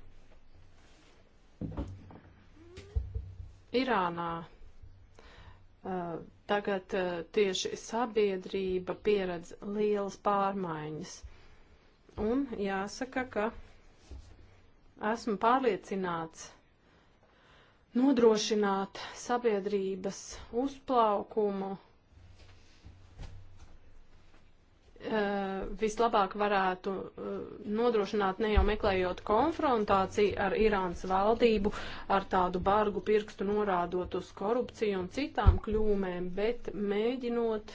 Irānā uh, tagad uh, tieši sabiedrība pieredz lielas pārmaiņas. Un jāsaka, ka esmu pārliecināts nodrošināt sabiedrības uzplaukumu Eh, vislabāk varētu eh, nodrošināt ne jau meklējot konfrontāciju ar Irānas valdību, ar tādu bargu pirkstu norādot uz korupciju un citām kļūmēm, bet mēģinot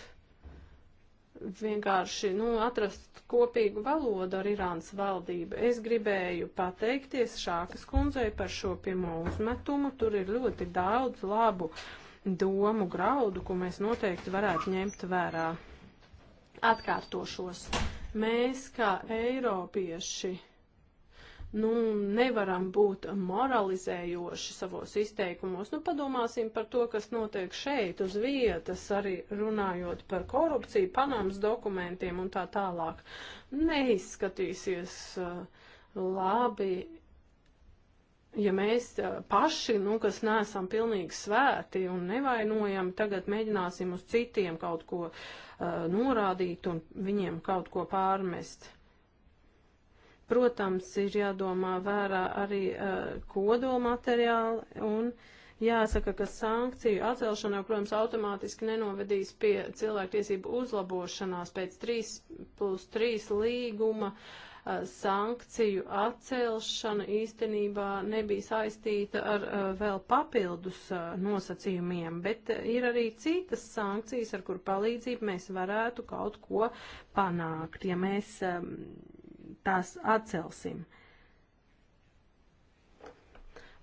vienkārši nu, atrast kopīgu valodu ar Irānas valdību. Es gribēju pateikties Šākas kundzei par šo pirmo uzmetumu. Tur ir ļoti daudz labu domu graudu, ko mēs noteikti varētu ņemt vērā atkārtošos. Mēs, kā eiropieši, nu, nevaram būt moralizējoši savos izteikumos. Nu, padomāsim par to, kas notiek šeit uz vietas, arī runājot par korupciju, panāms dokumentiem un tā tālāk. Neizskatīsies uh, labi, ja mēs paši, nu, kas neesam pilnīgi svēti un nevainojami, tagad mēģināsim uz citiem kaut ko uh, norādīt un viņiem kaut ko pārmest. Protams, ir jādomā vērā arī uh, kodolmateriāli un jāsaka, ka sankciju atcelšana jau, protams, automātiski nenovedīs pie cilvēktiesību uzlabošanās pēc 3 plus 3 līguma. Uh, Eh, sankciju atcelšana īstenībā nebija saistīta ar eh, vēl papildus eh, nosacījumiem, bet ir arī citas sankcijas, ar kur palīdzību mēs varētu kaut ko panākt, ja mēs ehm, tās atcelsim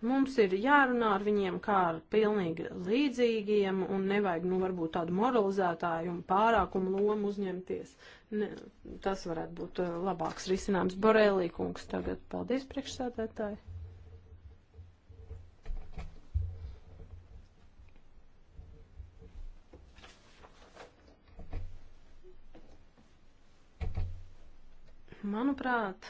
mums ir jārunā ar viņiem kā ar pilnīgi līdzīgiem un nevajag, nu, varbūt tādu moralizētāju un pārākumu lomu uzņemties. Ne, tas varētu būt uh, labāks risinājums. Borelī kungs tagad. Paldies, priekšsēdētāji. Manuprāt,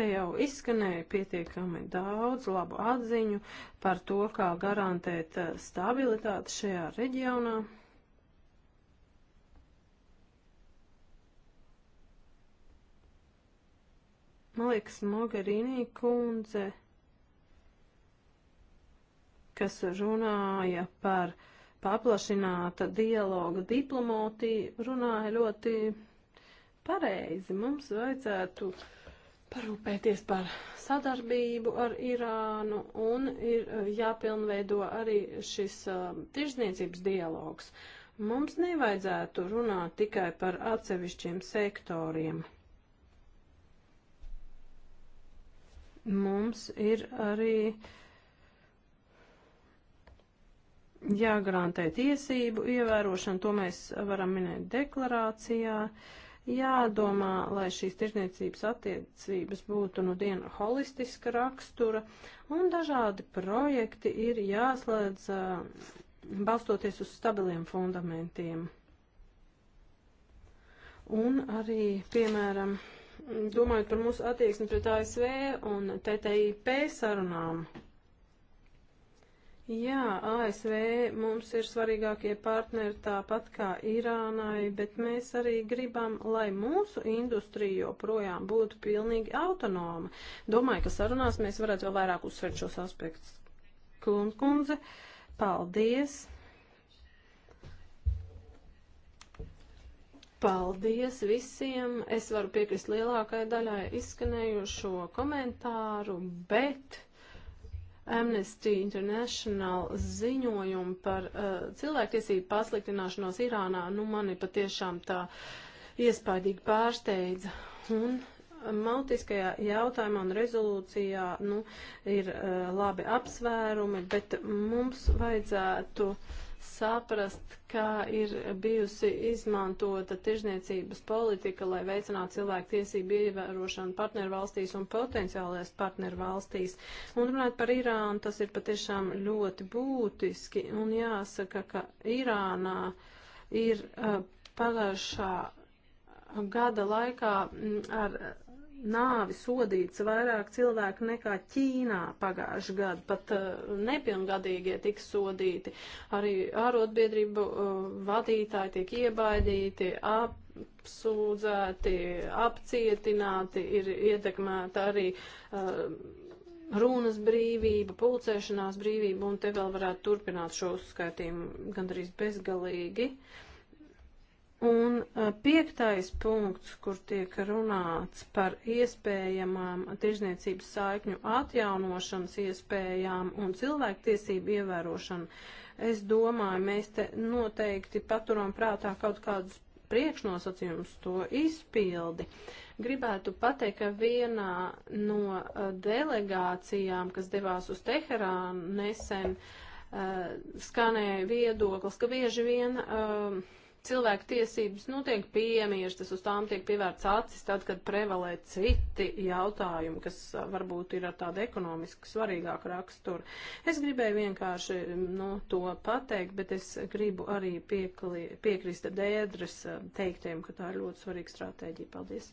te jau izskanēja pietiekami daudz labu atziņu par to, kā garantēt uh, stabilitāti šajā reģionā. Man liekas, Mogherini kundze, kas runāja par paplašināta dialoga diplomātiju, runāja ļoti pareizi. Mums vajadzētu parūpēties par sadarbību ar Irānu un ir eh, jāpilnveido arī šis uh, tirzniecības dialogs. Mums nevajadzētu runāt tikai par atsevišķiem sektoriem. mums ir arī jāgarantē tiesību ievērošana, to mēs varam minēt deklarācijā, jādomā, lai šīs tirzniecības attiecības būtu nu dienu holistiska rakstura, un dažādi projekti ir jāslēdz balstoties uz stabiliem fundamentiem. Un arī, piemēram, domājot par mūsu attieksmi pret ASV un TTIP sarunām. Jā, ASV mums ir svarīgākie partneri tāpat kā Irānai, bet mēs arī gribam, lai mūsu industrija joprojām būtu pilnīgi autonoma. Domāju, ka sarunās mēs varētu vēl vairāk uzsvērt šos aspektus. Klunkundze, paldies! Paldies visiem! Es varu piekrist lielākai daļai izskanējušo komentāru, bet Amnesty International ziņojumu par uh, cilvēktiesību pasliktināšanos Irānā, nu mani patiešām tā iespaidīgi pārsteidza. Un Mautiskajā jautājumā un rezolūcijā nu, ir uh, labi apsvērumi, bet mums vajadzētu uh, saprast, kā ir bijusi izmantota tirzniecības politika, lai veicinātu cilvēku tiesību ievērošanu partnervalstīs un potenciālajās partnervalstīs. Un runāt par Irānu, tas ir patiešām ļoti būtiski. Un jāsaka, ka Irānā ir uh, pagājušā gada laikā mm, ar nāvi sodīts vairāk cilvēku nekā Ķīnā pagājuši gadu, pat uh, nepilngadīgie tik sodīti, arī ārotbiedrību uh, vadītāji tiek iebaidīti, apsūdzēti, apcietināti, ir ietekmēta arī uh, runas brīvība, pulcēšanās brīvība, un te vēl varētu turpināt šo uzskaitījumu gandrīz bezgalīgi. Uh, Un eh, piektais punkts, kur tiek runāts par iespējamām tirzniecības saikņu atjaunošanas iespējām un cilvēktiesību ievērošanu, es domāju, mēs te noteikti paturam prātā kaut kādus priekšnosacījumus to izpildi. Gribētu pateikt, ka vienā no eh, delegācijām, kas devās uz Teherānu nesen, uh, skanēja viedoklis, ka bieži vien uh, cilvēku tiesības, nu, tiek piemirstas, uz tām tiek pievērts acis tad, kad prevalē citi jautājumi, kas varbūt ir ar tādu ekonomisku svarīgāku raksturu. Es gribēju vienkārši, nu, to pateikt, bet es gribu arī piekli, piekrist Dēdras teiktiem, ka tā ir ļoti svarīga stratēģija. Paldies!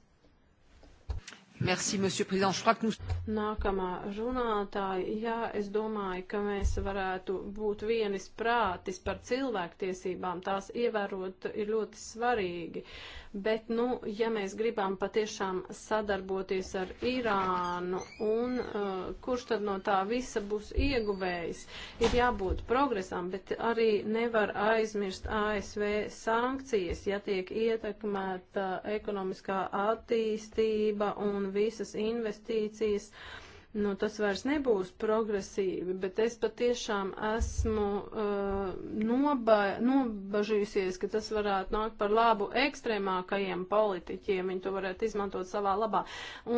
Merci, monsieur président. Je crois que nous... Nākamā runātāja, jā, es domāju, ka mēs varētu būt vienis prātis par cilvēktiesībām. Tās ievērot ir ļoti svarīgi. Uh, Bet, nu, ja mēs gribam patiešām sadarboties ar Irānu, un uh, kurš tad no tā visa būs ieguvējis, ir jābūt progresam, bet arī nevar aizmirst ASV sankcijas, ja tiek ietekmēta ekonomiskā attīstība un visas investīcijas. Uh, nu, tas vairs nebūs progresīvi, bet es patiešām esmu uh, noba, nobažījusies, ka tas varētu nākt par labu ekstrēmākajiem politiķiem, viņi to varētu izmantot savā labā.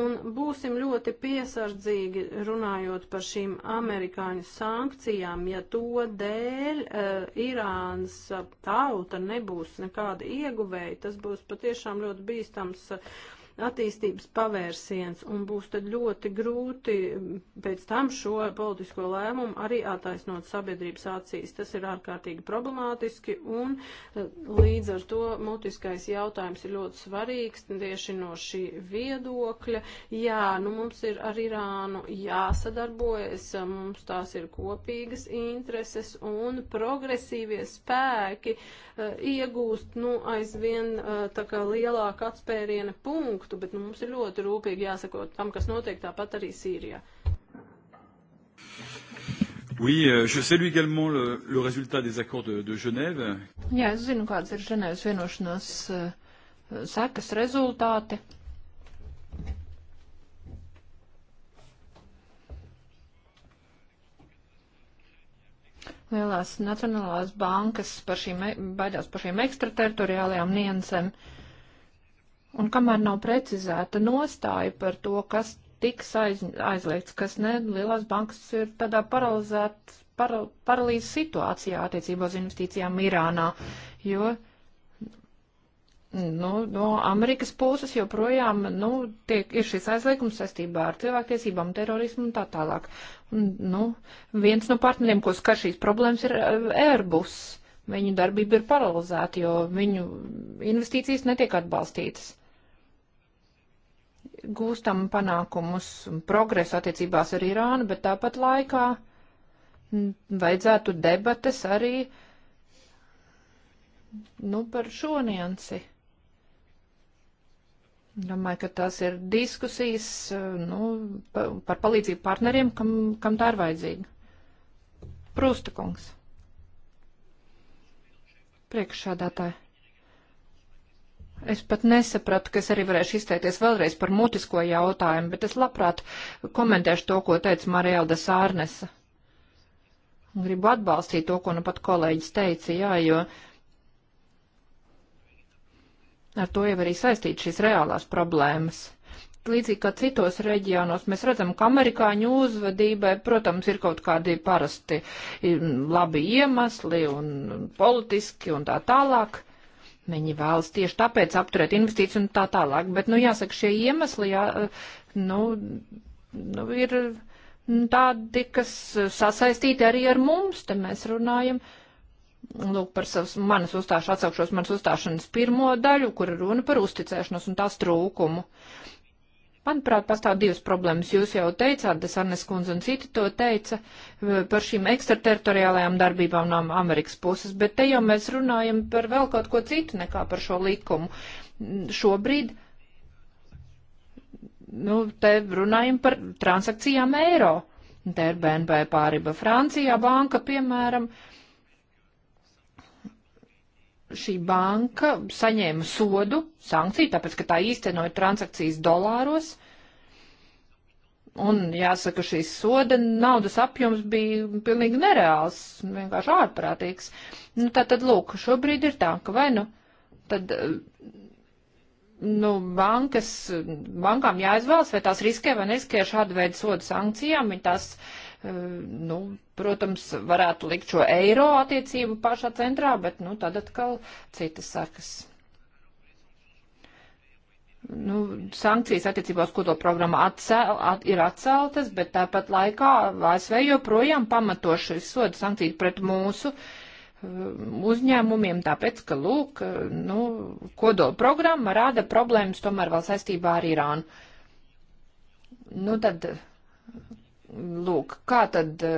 Un būsim ļoti piesardzīgi runājot par šīm amerikāņu sankcijām, ja to dēļ uh, Irānas tauta nebūs nekāda ieguvēja, tas būs patiešām ļoti bīstams. Uh, attīstības pavērsiens, un būs tad ļoti grūti pēc tam šo politisko lēmumu arī attaisnot sabiedrības acīs. Tas ir ārkārtīgi problemātiski, un eh, līdz ar to mutiskais jautājums ir ļoti svarīgs tieši no šī viedokļa. Jā, nu mums ir ar Irānu jāsadarbojas, mums tās ir kopīgas intereses, un progresīvie spēki uh, Eh, iegūst nu, aizvien eh, tā kā lielāku atspēriena punktu, bet nu, mums ir ļoti rūpīgi jāsako tam, kas notiek tāpat arī Sīrijā. Oui, euh, je salue également le, le résultat des accords de, de Genève. Jā, es zinu, kāds ir Ženēvas vienošanās eh, sekas rezultāti. Lielās nacionālās bankas par šīm, e- baidās par šīm ekstrateritoriālajām niansēm. Un kamēr nav precizēta nostāja par to, kas tiks aiz, aizliegts, kas ne, lielās bankas ir tādā paralizētas, para, paralīzes situācijā attiecībā uz investīcijām Irānā, jo. Mm nu, no Amerikas puses joprojām nu, tiek, ir šis aizliegums saistībā ar cilvēktiesībām, terorismu un tā tālāk. Un, nu, viens no partneriem, ko skar šīs problēmas, ir eh, Airbus. Viņu darbība ir paralizēta, jo viņu investīcijas netiek atbalstītas. Gūstam panākumus un progresu attiecībās ar Irānu, bet tāpat laikā vajadzētu debates arī nu, par šo niansi Domāju, ka tās ir diskusijas eh, nu, par palīdzību partneriem, kam, kam tā ir vajadzīga. Prūsta kungs. Priekšsādātāji. Es pat nesapratu, ka es arī varēšu izteikties vēlreiz par mutisko jautājumu, bet es labprāt komentēšu to, ko teica Marielda Sārnesa. Gribu atbalstīt to, ko nu pat kolēģis teica, jā, jo Ar to jau arī saistīt šīs reālās problēmas. Līdzīgi kā citos reģionos, mēs redzam, ka amerikāņu uzvedībai, protams, ir kaut kādi parasti mm, labi iemesli un politiski un tā tālāk. Viņi vēlas tieši tāpēc apturēt investīciju un tā tālāk. Bet, nu, jāsaka, šie iemesli, jā, nu, nu, ir tādi, kas sasaistīti arī ar mums, te mēs runājam. Uh, lūk, par savas, manas uzstāšu, atsaukšos manas uzstāšanas pirmo daļu, kur ir runa par uzticēšanos un tās trūkumu. Manuprāt, pastāv divas problēmas. Jūs jau teicāt, tas Arnes kundze un citi to teica, par šīm ekstrateritoriālajām darbībām no Amerikas puses, bet te jau mēs runājam par vēl kaut ko citu nekā par šo likumu. Šobrīd, nu, te runājam par transakcijām eiro. Te ir BNP pārība Francijā banka, piemēram, uh, šī banka saņēma sodu, sankciju, tāpēc, ka tā īstenoja transakcijas dolāros. Un jāsaka, šīs soda naudas apjoms bija pilnīgi nereāls, vienkārši ārprātīgs. Nu, tā tad, lūk, šobrīd ir tā, ka vai nu tad nu, bankas, bankām jāizvēlas, vai tās riskē vai neriskē šādu veidu sodu sankcijām, viņi tās uh, Ehm, nu, protams, varētu likt šo eiro attiecību pašā centrā, bet, nu, tad atkal citas sakas. Nu, sankcijas attiecībā uz kodola programmu atcel, at, ir atceltas, bet tāpat laikā ASV joprojām pamato šīs sodu sankciju pret mūsu ehm, uzņēmumiem, tāpēc, ka, lūk, nu, kodola programma rada problēmas tomēr vēl saistībā ar Irānu. Nu, tad Lūk, kā tad e,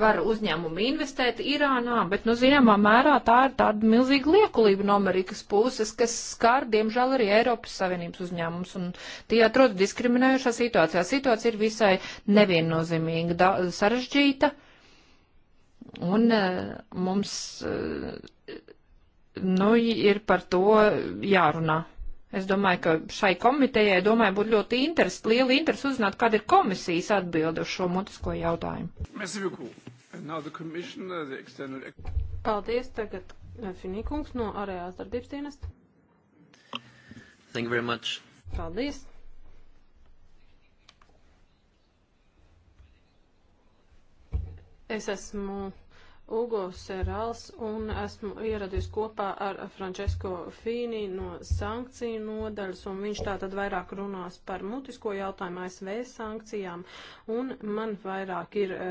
var uzņēmumi investēt Irānā, bet, nu, zināmā mērā tā ir tāda milzīga liekulība no Amerikas puses, kas skar, diemžēl, arī Eiropas Savienības uzņēmums, un tie atrodas diskriminējušā situācijā. Situācija ir visai neviennozīmīga, da, sarežģīta, un e, mums, e, nu, ir par to jārunā. Es domāju, ka šai komitejai, domāju, būtu ļoti interes, liela interesi uzzināt, kāda ir komisijas atbilde uz šo mutisko jautājumu. Paldies, tagad eh, Finīkungs no ārējās darbības dienesta. Thank you very much. Paldies. Es esmu Ugo Serals un esmu ieradies kopā ar Francesco Fīni no sankciju nodaļas un viņš tātad vairāk runās par mutisko jautājumu ASV sankcijām un man vairāk ir uh,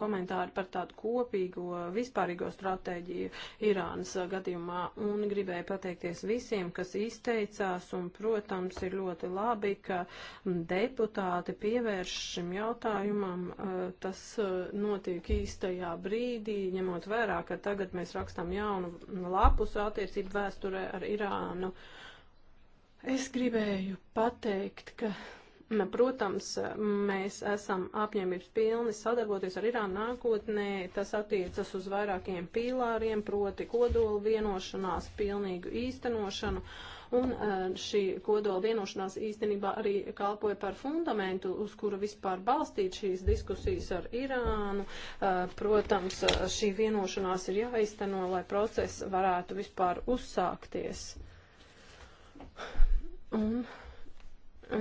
komentāri par tādu kopīgo vispārīgo stratēģiju Irānas gadījumā un gribēju pateikties visiem, kas izteicās un protams ir ļoti labi, ka deputāti pievērš šim jautājumam, uh, tas uh, notiek īstajā brīdī ņemot vērā, ka tagad mēs rakstām jaunu lapus attiecību vēsturē ar Irānu. Es gribēju pateikt, ka, protams, mēs esam apņēmības pilni sadarboties ar Irānu nākotnē. Tas attiecas uz vairākiem pīlāriem, proti kodolu vienošanās, pilnīgu īstenošanu. Uh, Un e, šī kodola vienošanās īstenībā arī kalpoja par fundamentu, uz kura vispār balstīt šīs diskusijas ar Irānu. E, protams, e, šī vienošanās ir jāizteno, lai process varētu vispār uzsākties. Un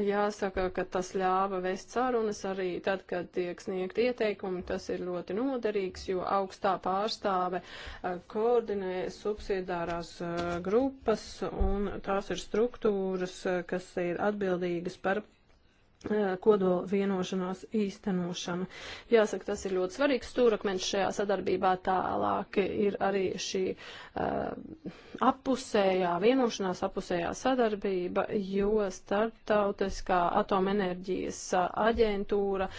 Jāsaka, ka tas ļāva vest sarunas arī tad, kad tiek sniegt ieteikumi. Tas ir ļoti noderīgs, jo augstā pārstāve eh, koordinē subsidiārās eh, grupas un tās ir struktūras, eh, kas ir atbildīgas par kodola vienošanās īstenošanu. Jāsaka, tas ir ļoti svarīgs stūrakmeņš šajā sadarbībā. Tālāk ir arī šī uh, apusējā vienošanās, apusējā sadarbība, jo starptautiskā atomenerģijas aģentūra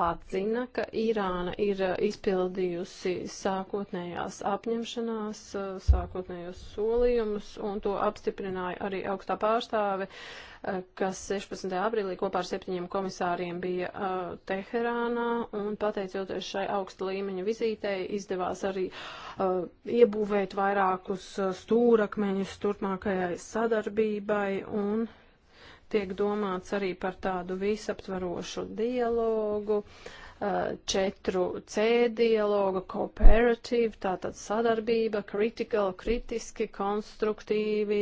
atzina, ka Irāna ir izpildījusi sākotnējās apņemšanās, sākotnējos solījumus, un to apstiprināja arī augstā pārstāve. Uh, Eh, kas 16. aprīlī kopā ar septiņiem komisāriem bija uh, Teherānā, un pateicoties šai augsta līmeņa vizītei, izdevās arī uh, iebūvēt vairākus stūrakmeņus turpmākajai sadarbībai, un tiek domāts arī par tādu visaptvarošu dialogu. Uh, 4C dialoga, cooperative, tātad sadarbība, critical, kritiski, konstruktīvi,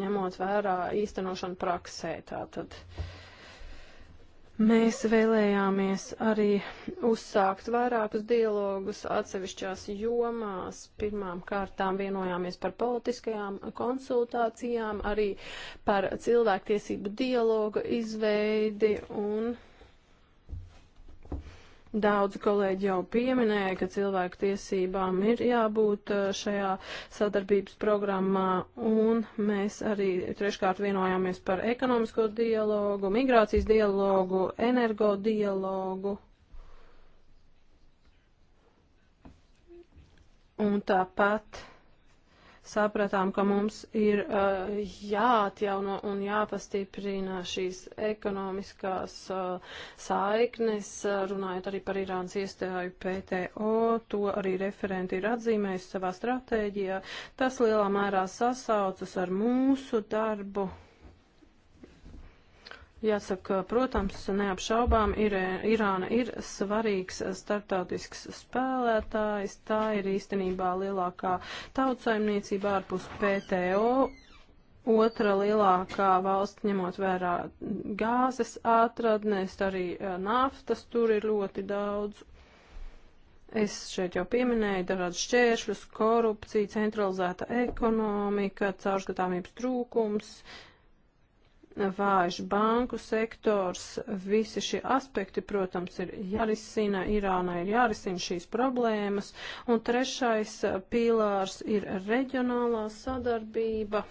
ņemot vērā īstenošanu praksē. Tātad. Mēs vēlējāmies arī uzsākt vairākus dialogus atsevišķās jomās. Pirmām kārtām vienojāmies par politiskajām konsultācijām, arī par cilvēktiesību dialogu izveidi un Daudz kolēģi jau pieminēja, ka cilvēku tiesībām ir jābūt eh, šajā sadarbības programmā, un mēs arī treškārt vienojāmies par ekonomisko dialogu, migrācijas dialogu, energo dialogu. Un tāpat sapratām, ka mums ir uh, jāatjauno un jāpastiprina šīs ekonomiskās uh, saiknes, eh, runājot arī par Irānas iestāju PTO, to arī referenti ir atzīmējuši savā stratēģijā. Tas lielā mērā sasaucas ar mūsu darbu Jāsaka, protams, neapšaubām ir, Irāna ir svarīgs startautisks spēlētājs. Tā ir īstenībā lielākā tautsaimniecība ārpus PTO. Otra lielākā valsts, ņemot vērā gāzes atradnēs, arī eh, naftas tur ir ļoti daudz. Es šeit jau pieminēju dažādas šķēršļus, korupcija, centralizēta ekonomika, caurskatāmības trūkums. Uh, vājš banku sektors, visi šie aspekti, protams, ir jārisina, Irānai ir jārisina šīs problēmas. Un trešais pīlārs ir reģionālā sadarbība.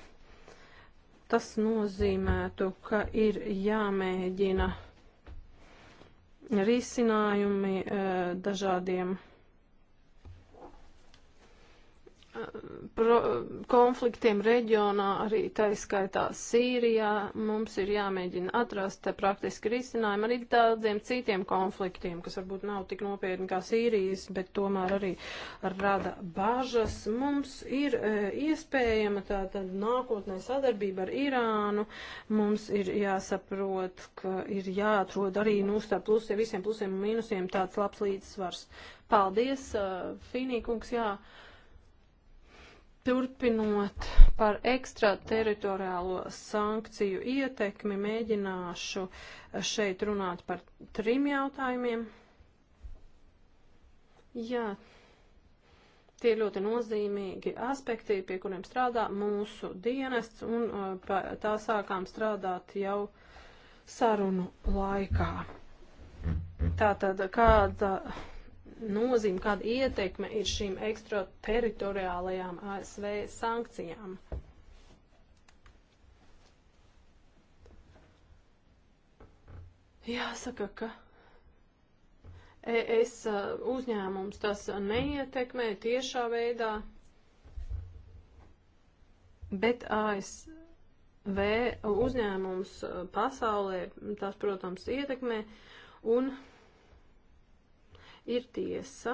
Tas nozīmētu, ka ir jāmēģina risinājumi eh, dažādiem pro, konfliktiem reģionā, arī tā skaitā Sīrijā, mums ir jāmēģina atrast praktiski risinājumu arī tādiem citiem konfliktiem, kas varbūt nav tik nopietni kā Sīrijas, bet tomēr arī rada bažas. Mums ir e, iespējama tāda nākotnē sadarbība ar Irānu, mums ir jāsaprot, ka ir jāatrod arī nu starp plusiem, visiem plusiem un mīnusiem tāds labs līdzsvars. Paldies, uh, e, Fīnīkungs, jā. Uh, Turpinot par ekstrateritoriālo sankciju ietekmi, mēģināšu šeit runāt par trim jautājumiem. Jā, tie ļoti nozīmīgi aspekti, pie kuriem strādā mūsu dienests, un uh, tā sākām strādāt jau sarunu laikā. Tātad, kāda nozīme, kāda ietekme ir šīm ekstrateritoriālajām ASV sankcijām. Jāsaka, ka ES uh, uzņēmums tas neietekmē tiešā veidā, bet ASV uzņēmums uh, pasaulē tas, protams, ietekmē un Ir tiesa,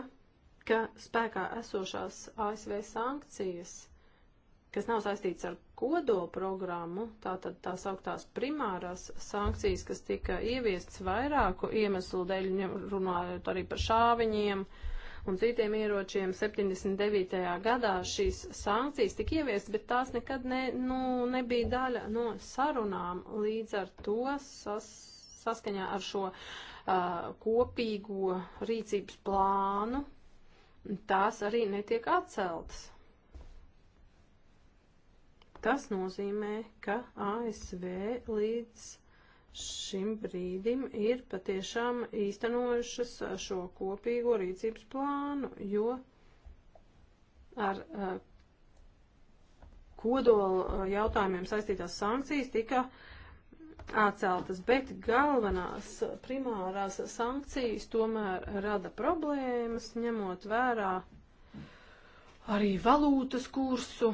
ka spēkā esošās ASV sankcijas, kas nav saistīts ar kodola programmu, tātad tās augtās primārās sankcijas, kas tika ieviestas vairāku iemeslu dēļ, nu, runājot arī par šāviņiem, un citiem ieročiem 79. gadā šīs sankcijas tika ieviestas, bet tās nekad ne, nu, nebija daļa no sarunām. Līdz ar to sas, saskaņā ar šo kopīgo rīcības plānu, tās arī netiek atceltas. Tas nozīmē, ka ASV līdz šim brīdim ir patiešām īstenojušas šo kopīgo rīcības plānu, jo ar uh, kodolu jautājumiem saistītās sankcijas tika uh, atceltas, bet galvenās primārās sankcijas tomēr rada problēmas, ņemot vērā arī valūtas kursu.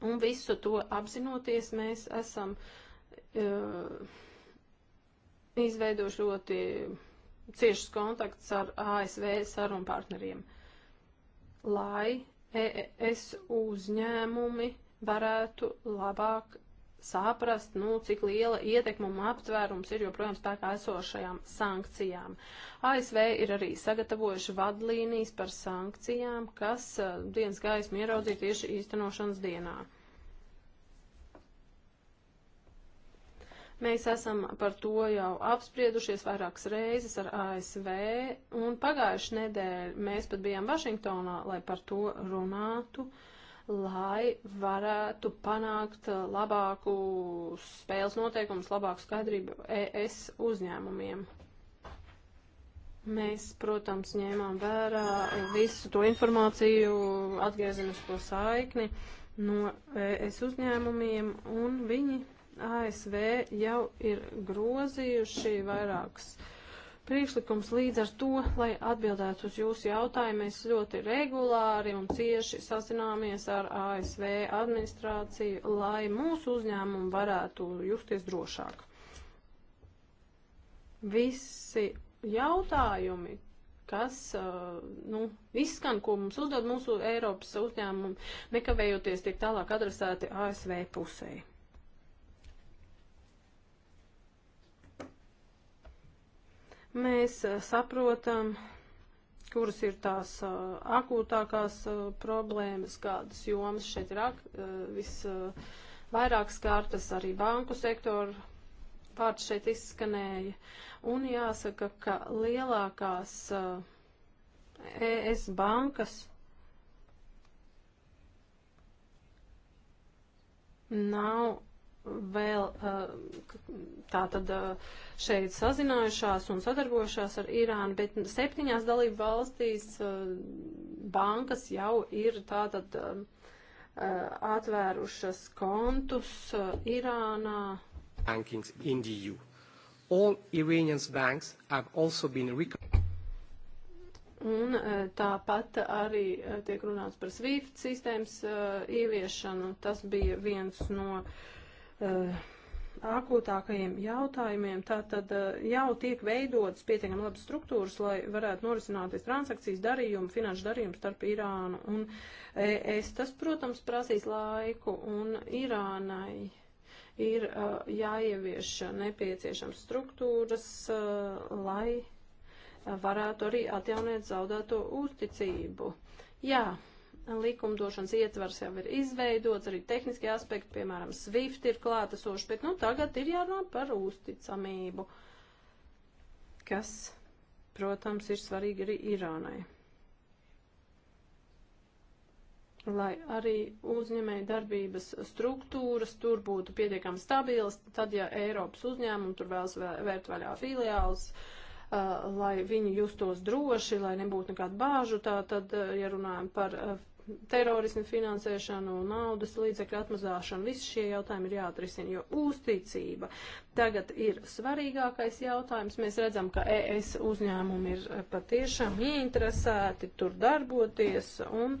Un visu to apzinoties, mēs esam uh, izveidojuši ļoti ciešas kontakts ar ASV sarunu partneriem, lai EES uzņēmumi varētu labāk saprast, nu, cik liela ietekma un aptvērums ir joprojām spēkā esošajām sankcijām. ASV ir arī sagatavojuši vadlīnijas par sankcijām, kas uh, dienas gaismu ieraudzīja tieši īstenošanas dienā. Mēs esam par to jau apspriedušies vairākas reizes ar ASV, un pagājuši nedēļ mēs pat bijām Vašingtonā, lai par to runātu. Uh, lai varētu panākt labāku spēles noteikumus, labāku skaidrību ES uzņēmumiem. Mēs, protams, ņēmām vērā visu to informāciju, atgriezenisko saikni no ES uzņēmumiem, un viņi ASV jau ir grozījuši vairākas uh, priekšlikums līdz ar to, lai atbildētu uz jūsu jautājumu, mēs ļoti regulāri un cieši sazināmies ar ASV administrāciju, lai mūsu uzņēmumu varētu justies drošāk. Visi jautājumi, kas uh, nu, izskan, ko mums uzdod mūsu Eiropas uzņēmumi, nekavējoties tiek tālāk adresēti ASV pusē. Mēs eh, saprotam, kuras ir tās eh, akūtākās eh, problēmas, kādas jomas šeit ir ak, visvairāk skārtas arī banku sektoru. Vārds šeit izskanēja. Un jāsaka, ka lielākās ES e bankas nav vēl eh, tātad eh, šeit sazinājušās un sadarbojušās ar Irānu, bet septiņās dalību valstīs eh, bankas jau ir tātad atvērušas kontus Irānā. Bankings in the EU. All Iranian banks have also been Un tāpat arī tiek runāts par SWIFT sistēmas ieviešanu. Tas bija viens no uh, uh, akūtākajiem jautājumiem, tātad eh, jau tiek veidotas pietiekami labas struktūras, lai varētu norisināties transakcijas darījumi, finanšu darījumi starp Irānu un ES. Tas, protams, prasīs laiku un Irānai ir uh, jāievieš nepieciešams struktūras, uh, lai varētu arī atjaunēt zaudēto uzticību. Jā. Yeah likumdošanas ietvars jau ir izveidots, arī tehniski aspekti, piemēram, SWIFT ir klātesoši, bet nu tagad ir jārunā par uzticamību, kas, protams, ir svarīgi arī Irānai. Lai arī uzņēmēja darbības struktūras tur būtu pietiekami stabilas, tad, ja Eiropas uzņēmumi tur vēlas vērt vaļā filiāls, uh, lai viņi justos droši, lai nebūtu nekādu bāžu. Tā tad, uh, ja runājam par uh, terorismu finansēšanu, naudas līdzekļu atmazāšanu, visi šie jautājumi ir jāatrisina, jo uzticība tagad ir svarīgākais jautājums. Mēs redzam, ka ES uzņēmumi ir eh, patiešām ieinteresēti tur darboties, un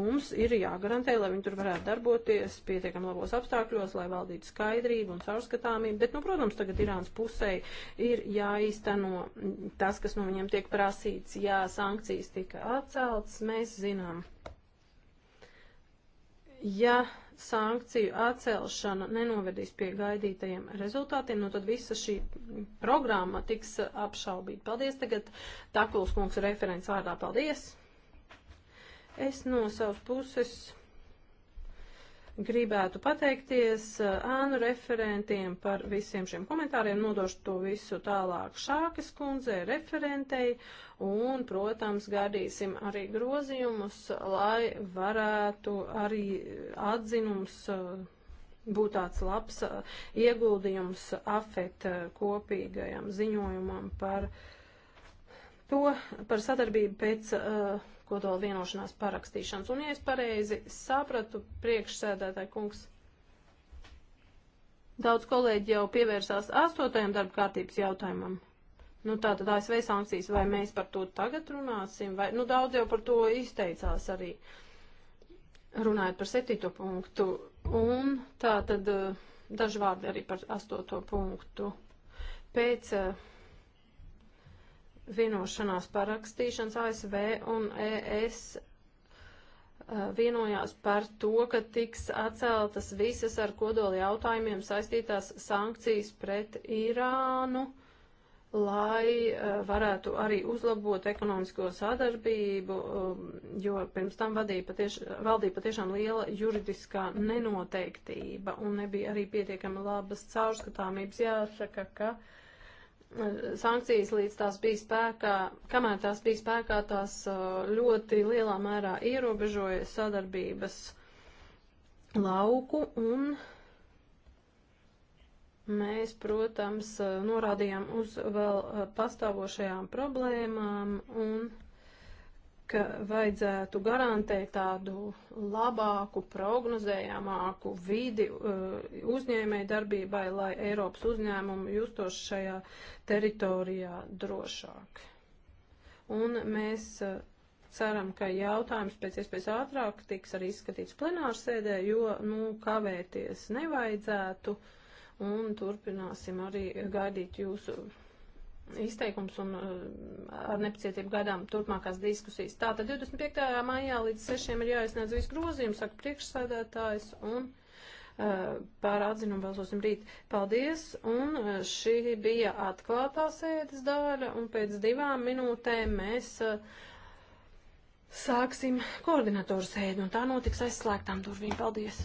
mums ir jāgarantē, lai viņi tur varētu darboties pietiekam labos apstākļos, lai valdītu skaidrību un caurskatāmību. Bet, nu, protams, tagad Irānas pusē ir jāīsteno tas, kas no viņiem tiek prasīts, jā, sankcijas tika atceltas, mēs zinām ja sankciju atcelšana nenovedīs pie gaidītajiem rezultātiem, nu tad visa šī programma tiks apšaubīta. Paldies tagad Takuls kungs referents vārdā. Paldies! Es no savas puses Gribētu pateikties eh, ānu referentiem par visiem šiem komentāriem, nodošu to visu tālāk Šākas kundzei, referentei, un, protams, gaidīsim arī grozījumus, lai varētu arī atzinums eh, būt tāds labs eh, ieguldījums afet kopīgajam ziņojumam par uh, to par sadarbību pēc uh, kodola vienošanās parakstīšanas. Un, ja es pareizi sapratu, priekšsēdētāji kungs, daudz kolēģi jau pievērsās astotajam darba kārtības jautājumam. Nu, tā tad ASV sankcijas, vai mēs par to tagad runāsim, vai, nu, daudz jau par to izteicās arī, runājot par septīto punktu. Un tā tad uh, daži vārdi arī par astoto punktu. Pēc uh, vienošanās parakstīšanas ASV un ES eh, vienojās par to, ka tiks atceltas visas ar kodoli jautājumiem saistītās sankcijas pret Irānu, lai eh, varētu arī uzlabot ekonomisko sadarbību, um, jo pirms tam vadīja patieš, valdīja patiešām liela juridiskā nenoteiktība un nebija arī pietiekami labas caurskatāmības jāsaka, ka. Uh, sankcijas līdz tās bija spēkā, kamēr tās bija spēkā, tās ļoti lielā mērā ierobežoja sadarbības lauku un mēs, protams, norādījām uz vēl pastāvošajām problēmām un ka vajadzētu garantēt tādu labāku, prognozējamāku vidi uh, uzņēmēji darbībai, lai Eiropas uzņēmumu justos šajā teritorijā drošāk. Un mēs uh, ceram, ka jautājums pēc iespējas ātrāk tiks arī izskatīts plenārsēdē, jo, nu, kavēties nevajadzētu, un turpināsim arī gaidīt jūsu izteikums un eh, ar nepacietību gaidām turpmākās diskusijas. Tātad 25. maijā līdz 6. ir jāiesniedz visu grozījumu, saka priekšsēdētājs, un eh, pār atzinumu balsosim rīt. Paldies, un eh, šī bija atklātā sēdes daļa, un pēc divām minūtēm mēs sāksim koordinatoru sēdi, un tā notiks aizslēgtām durvīm. Paldies!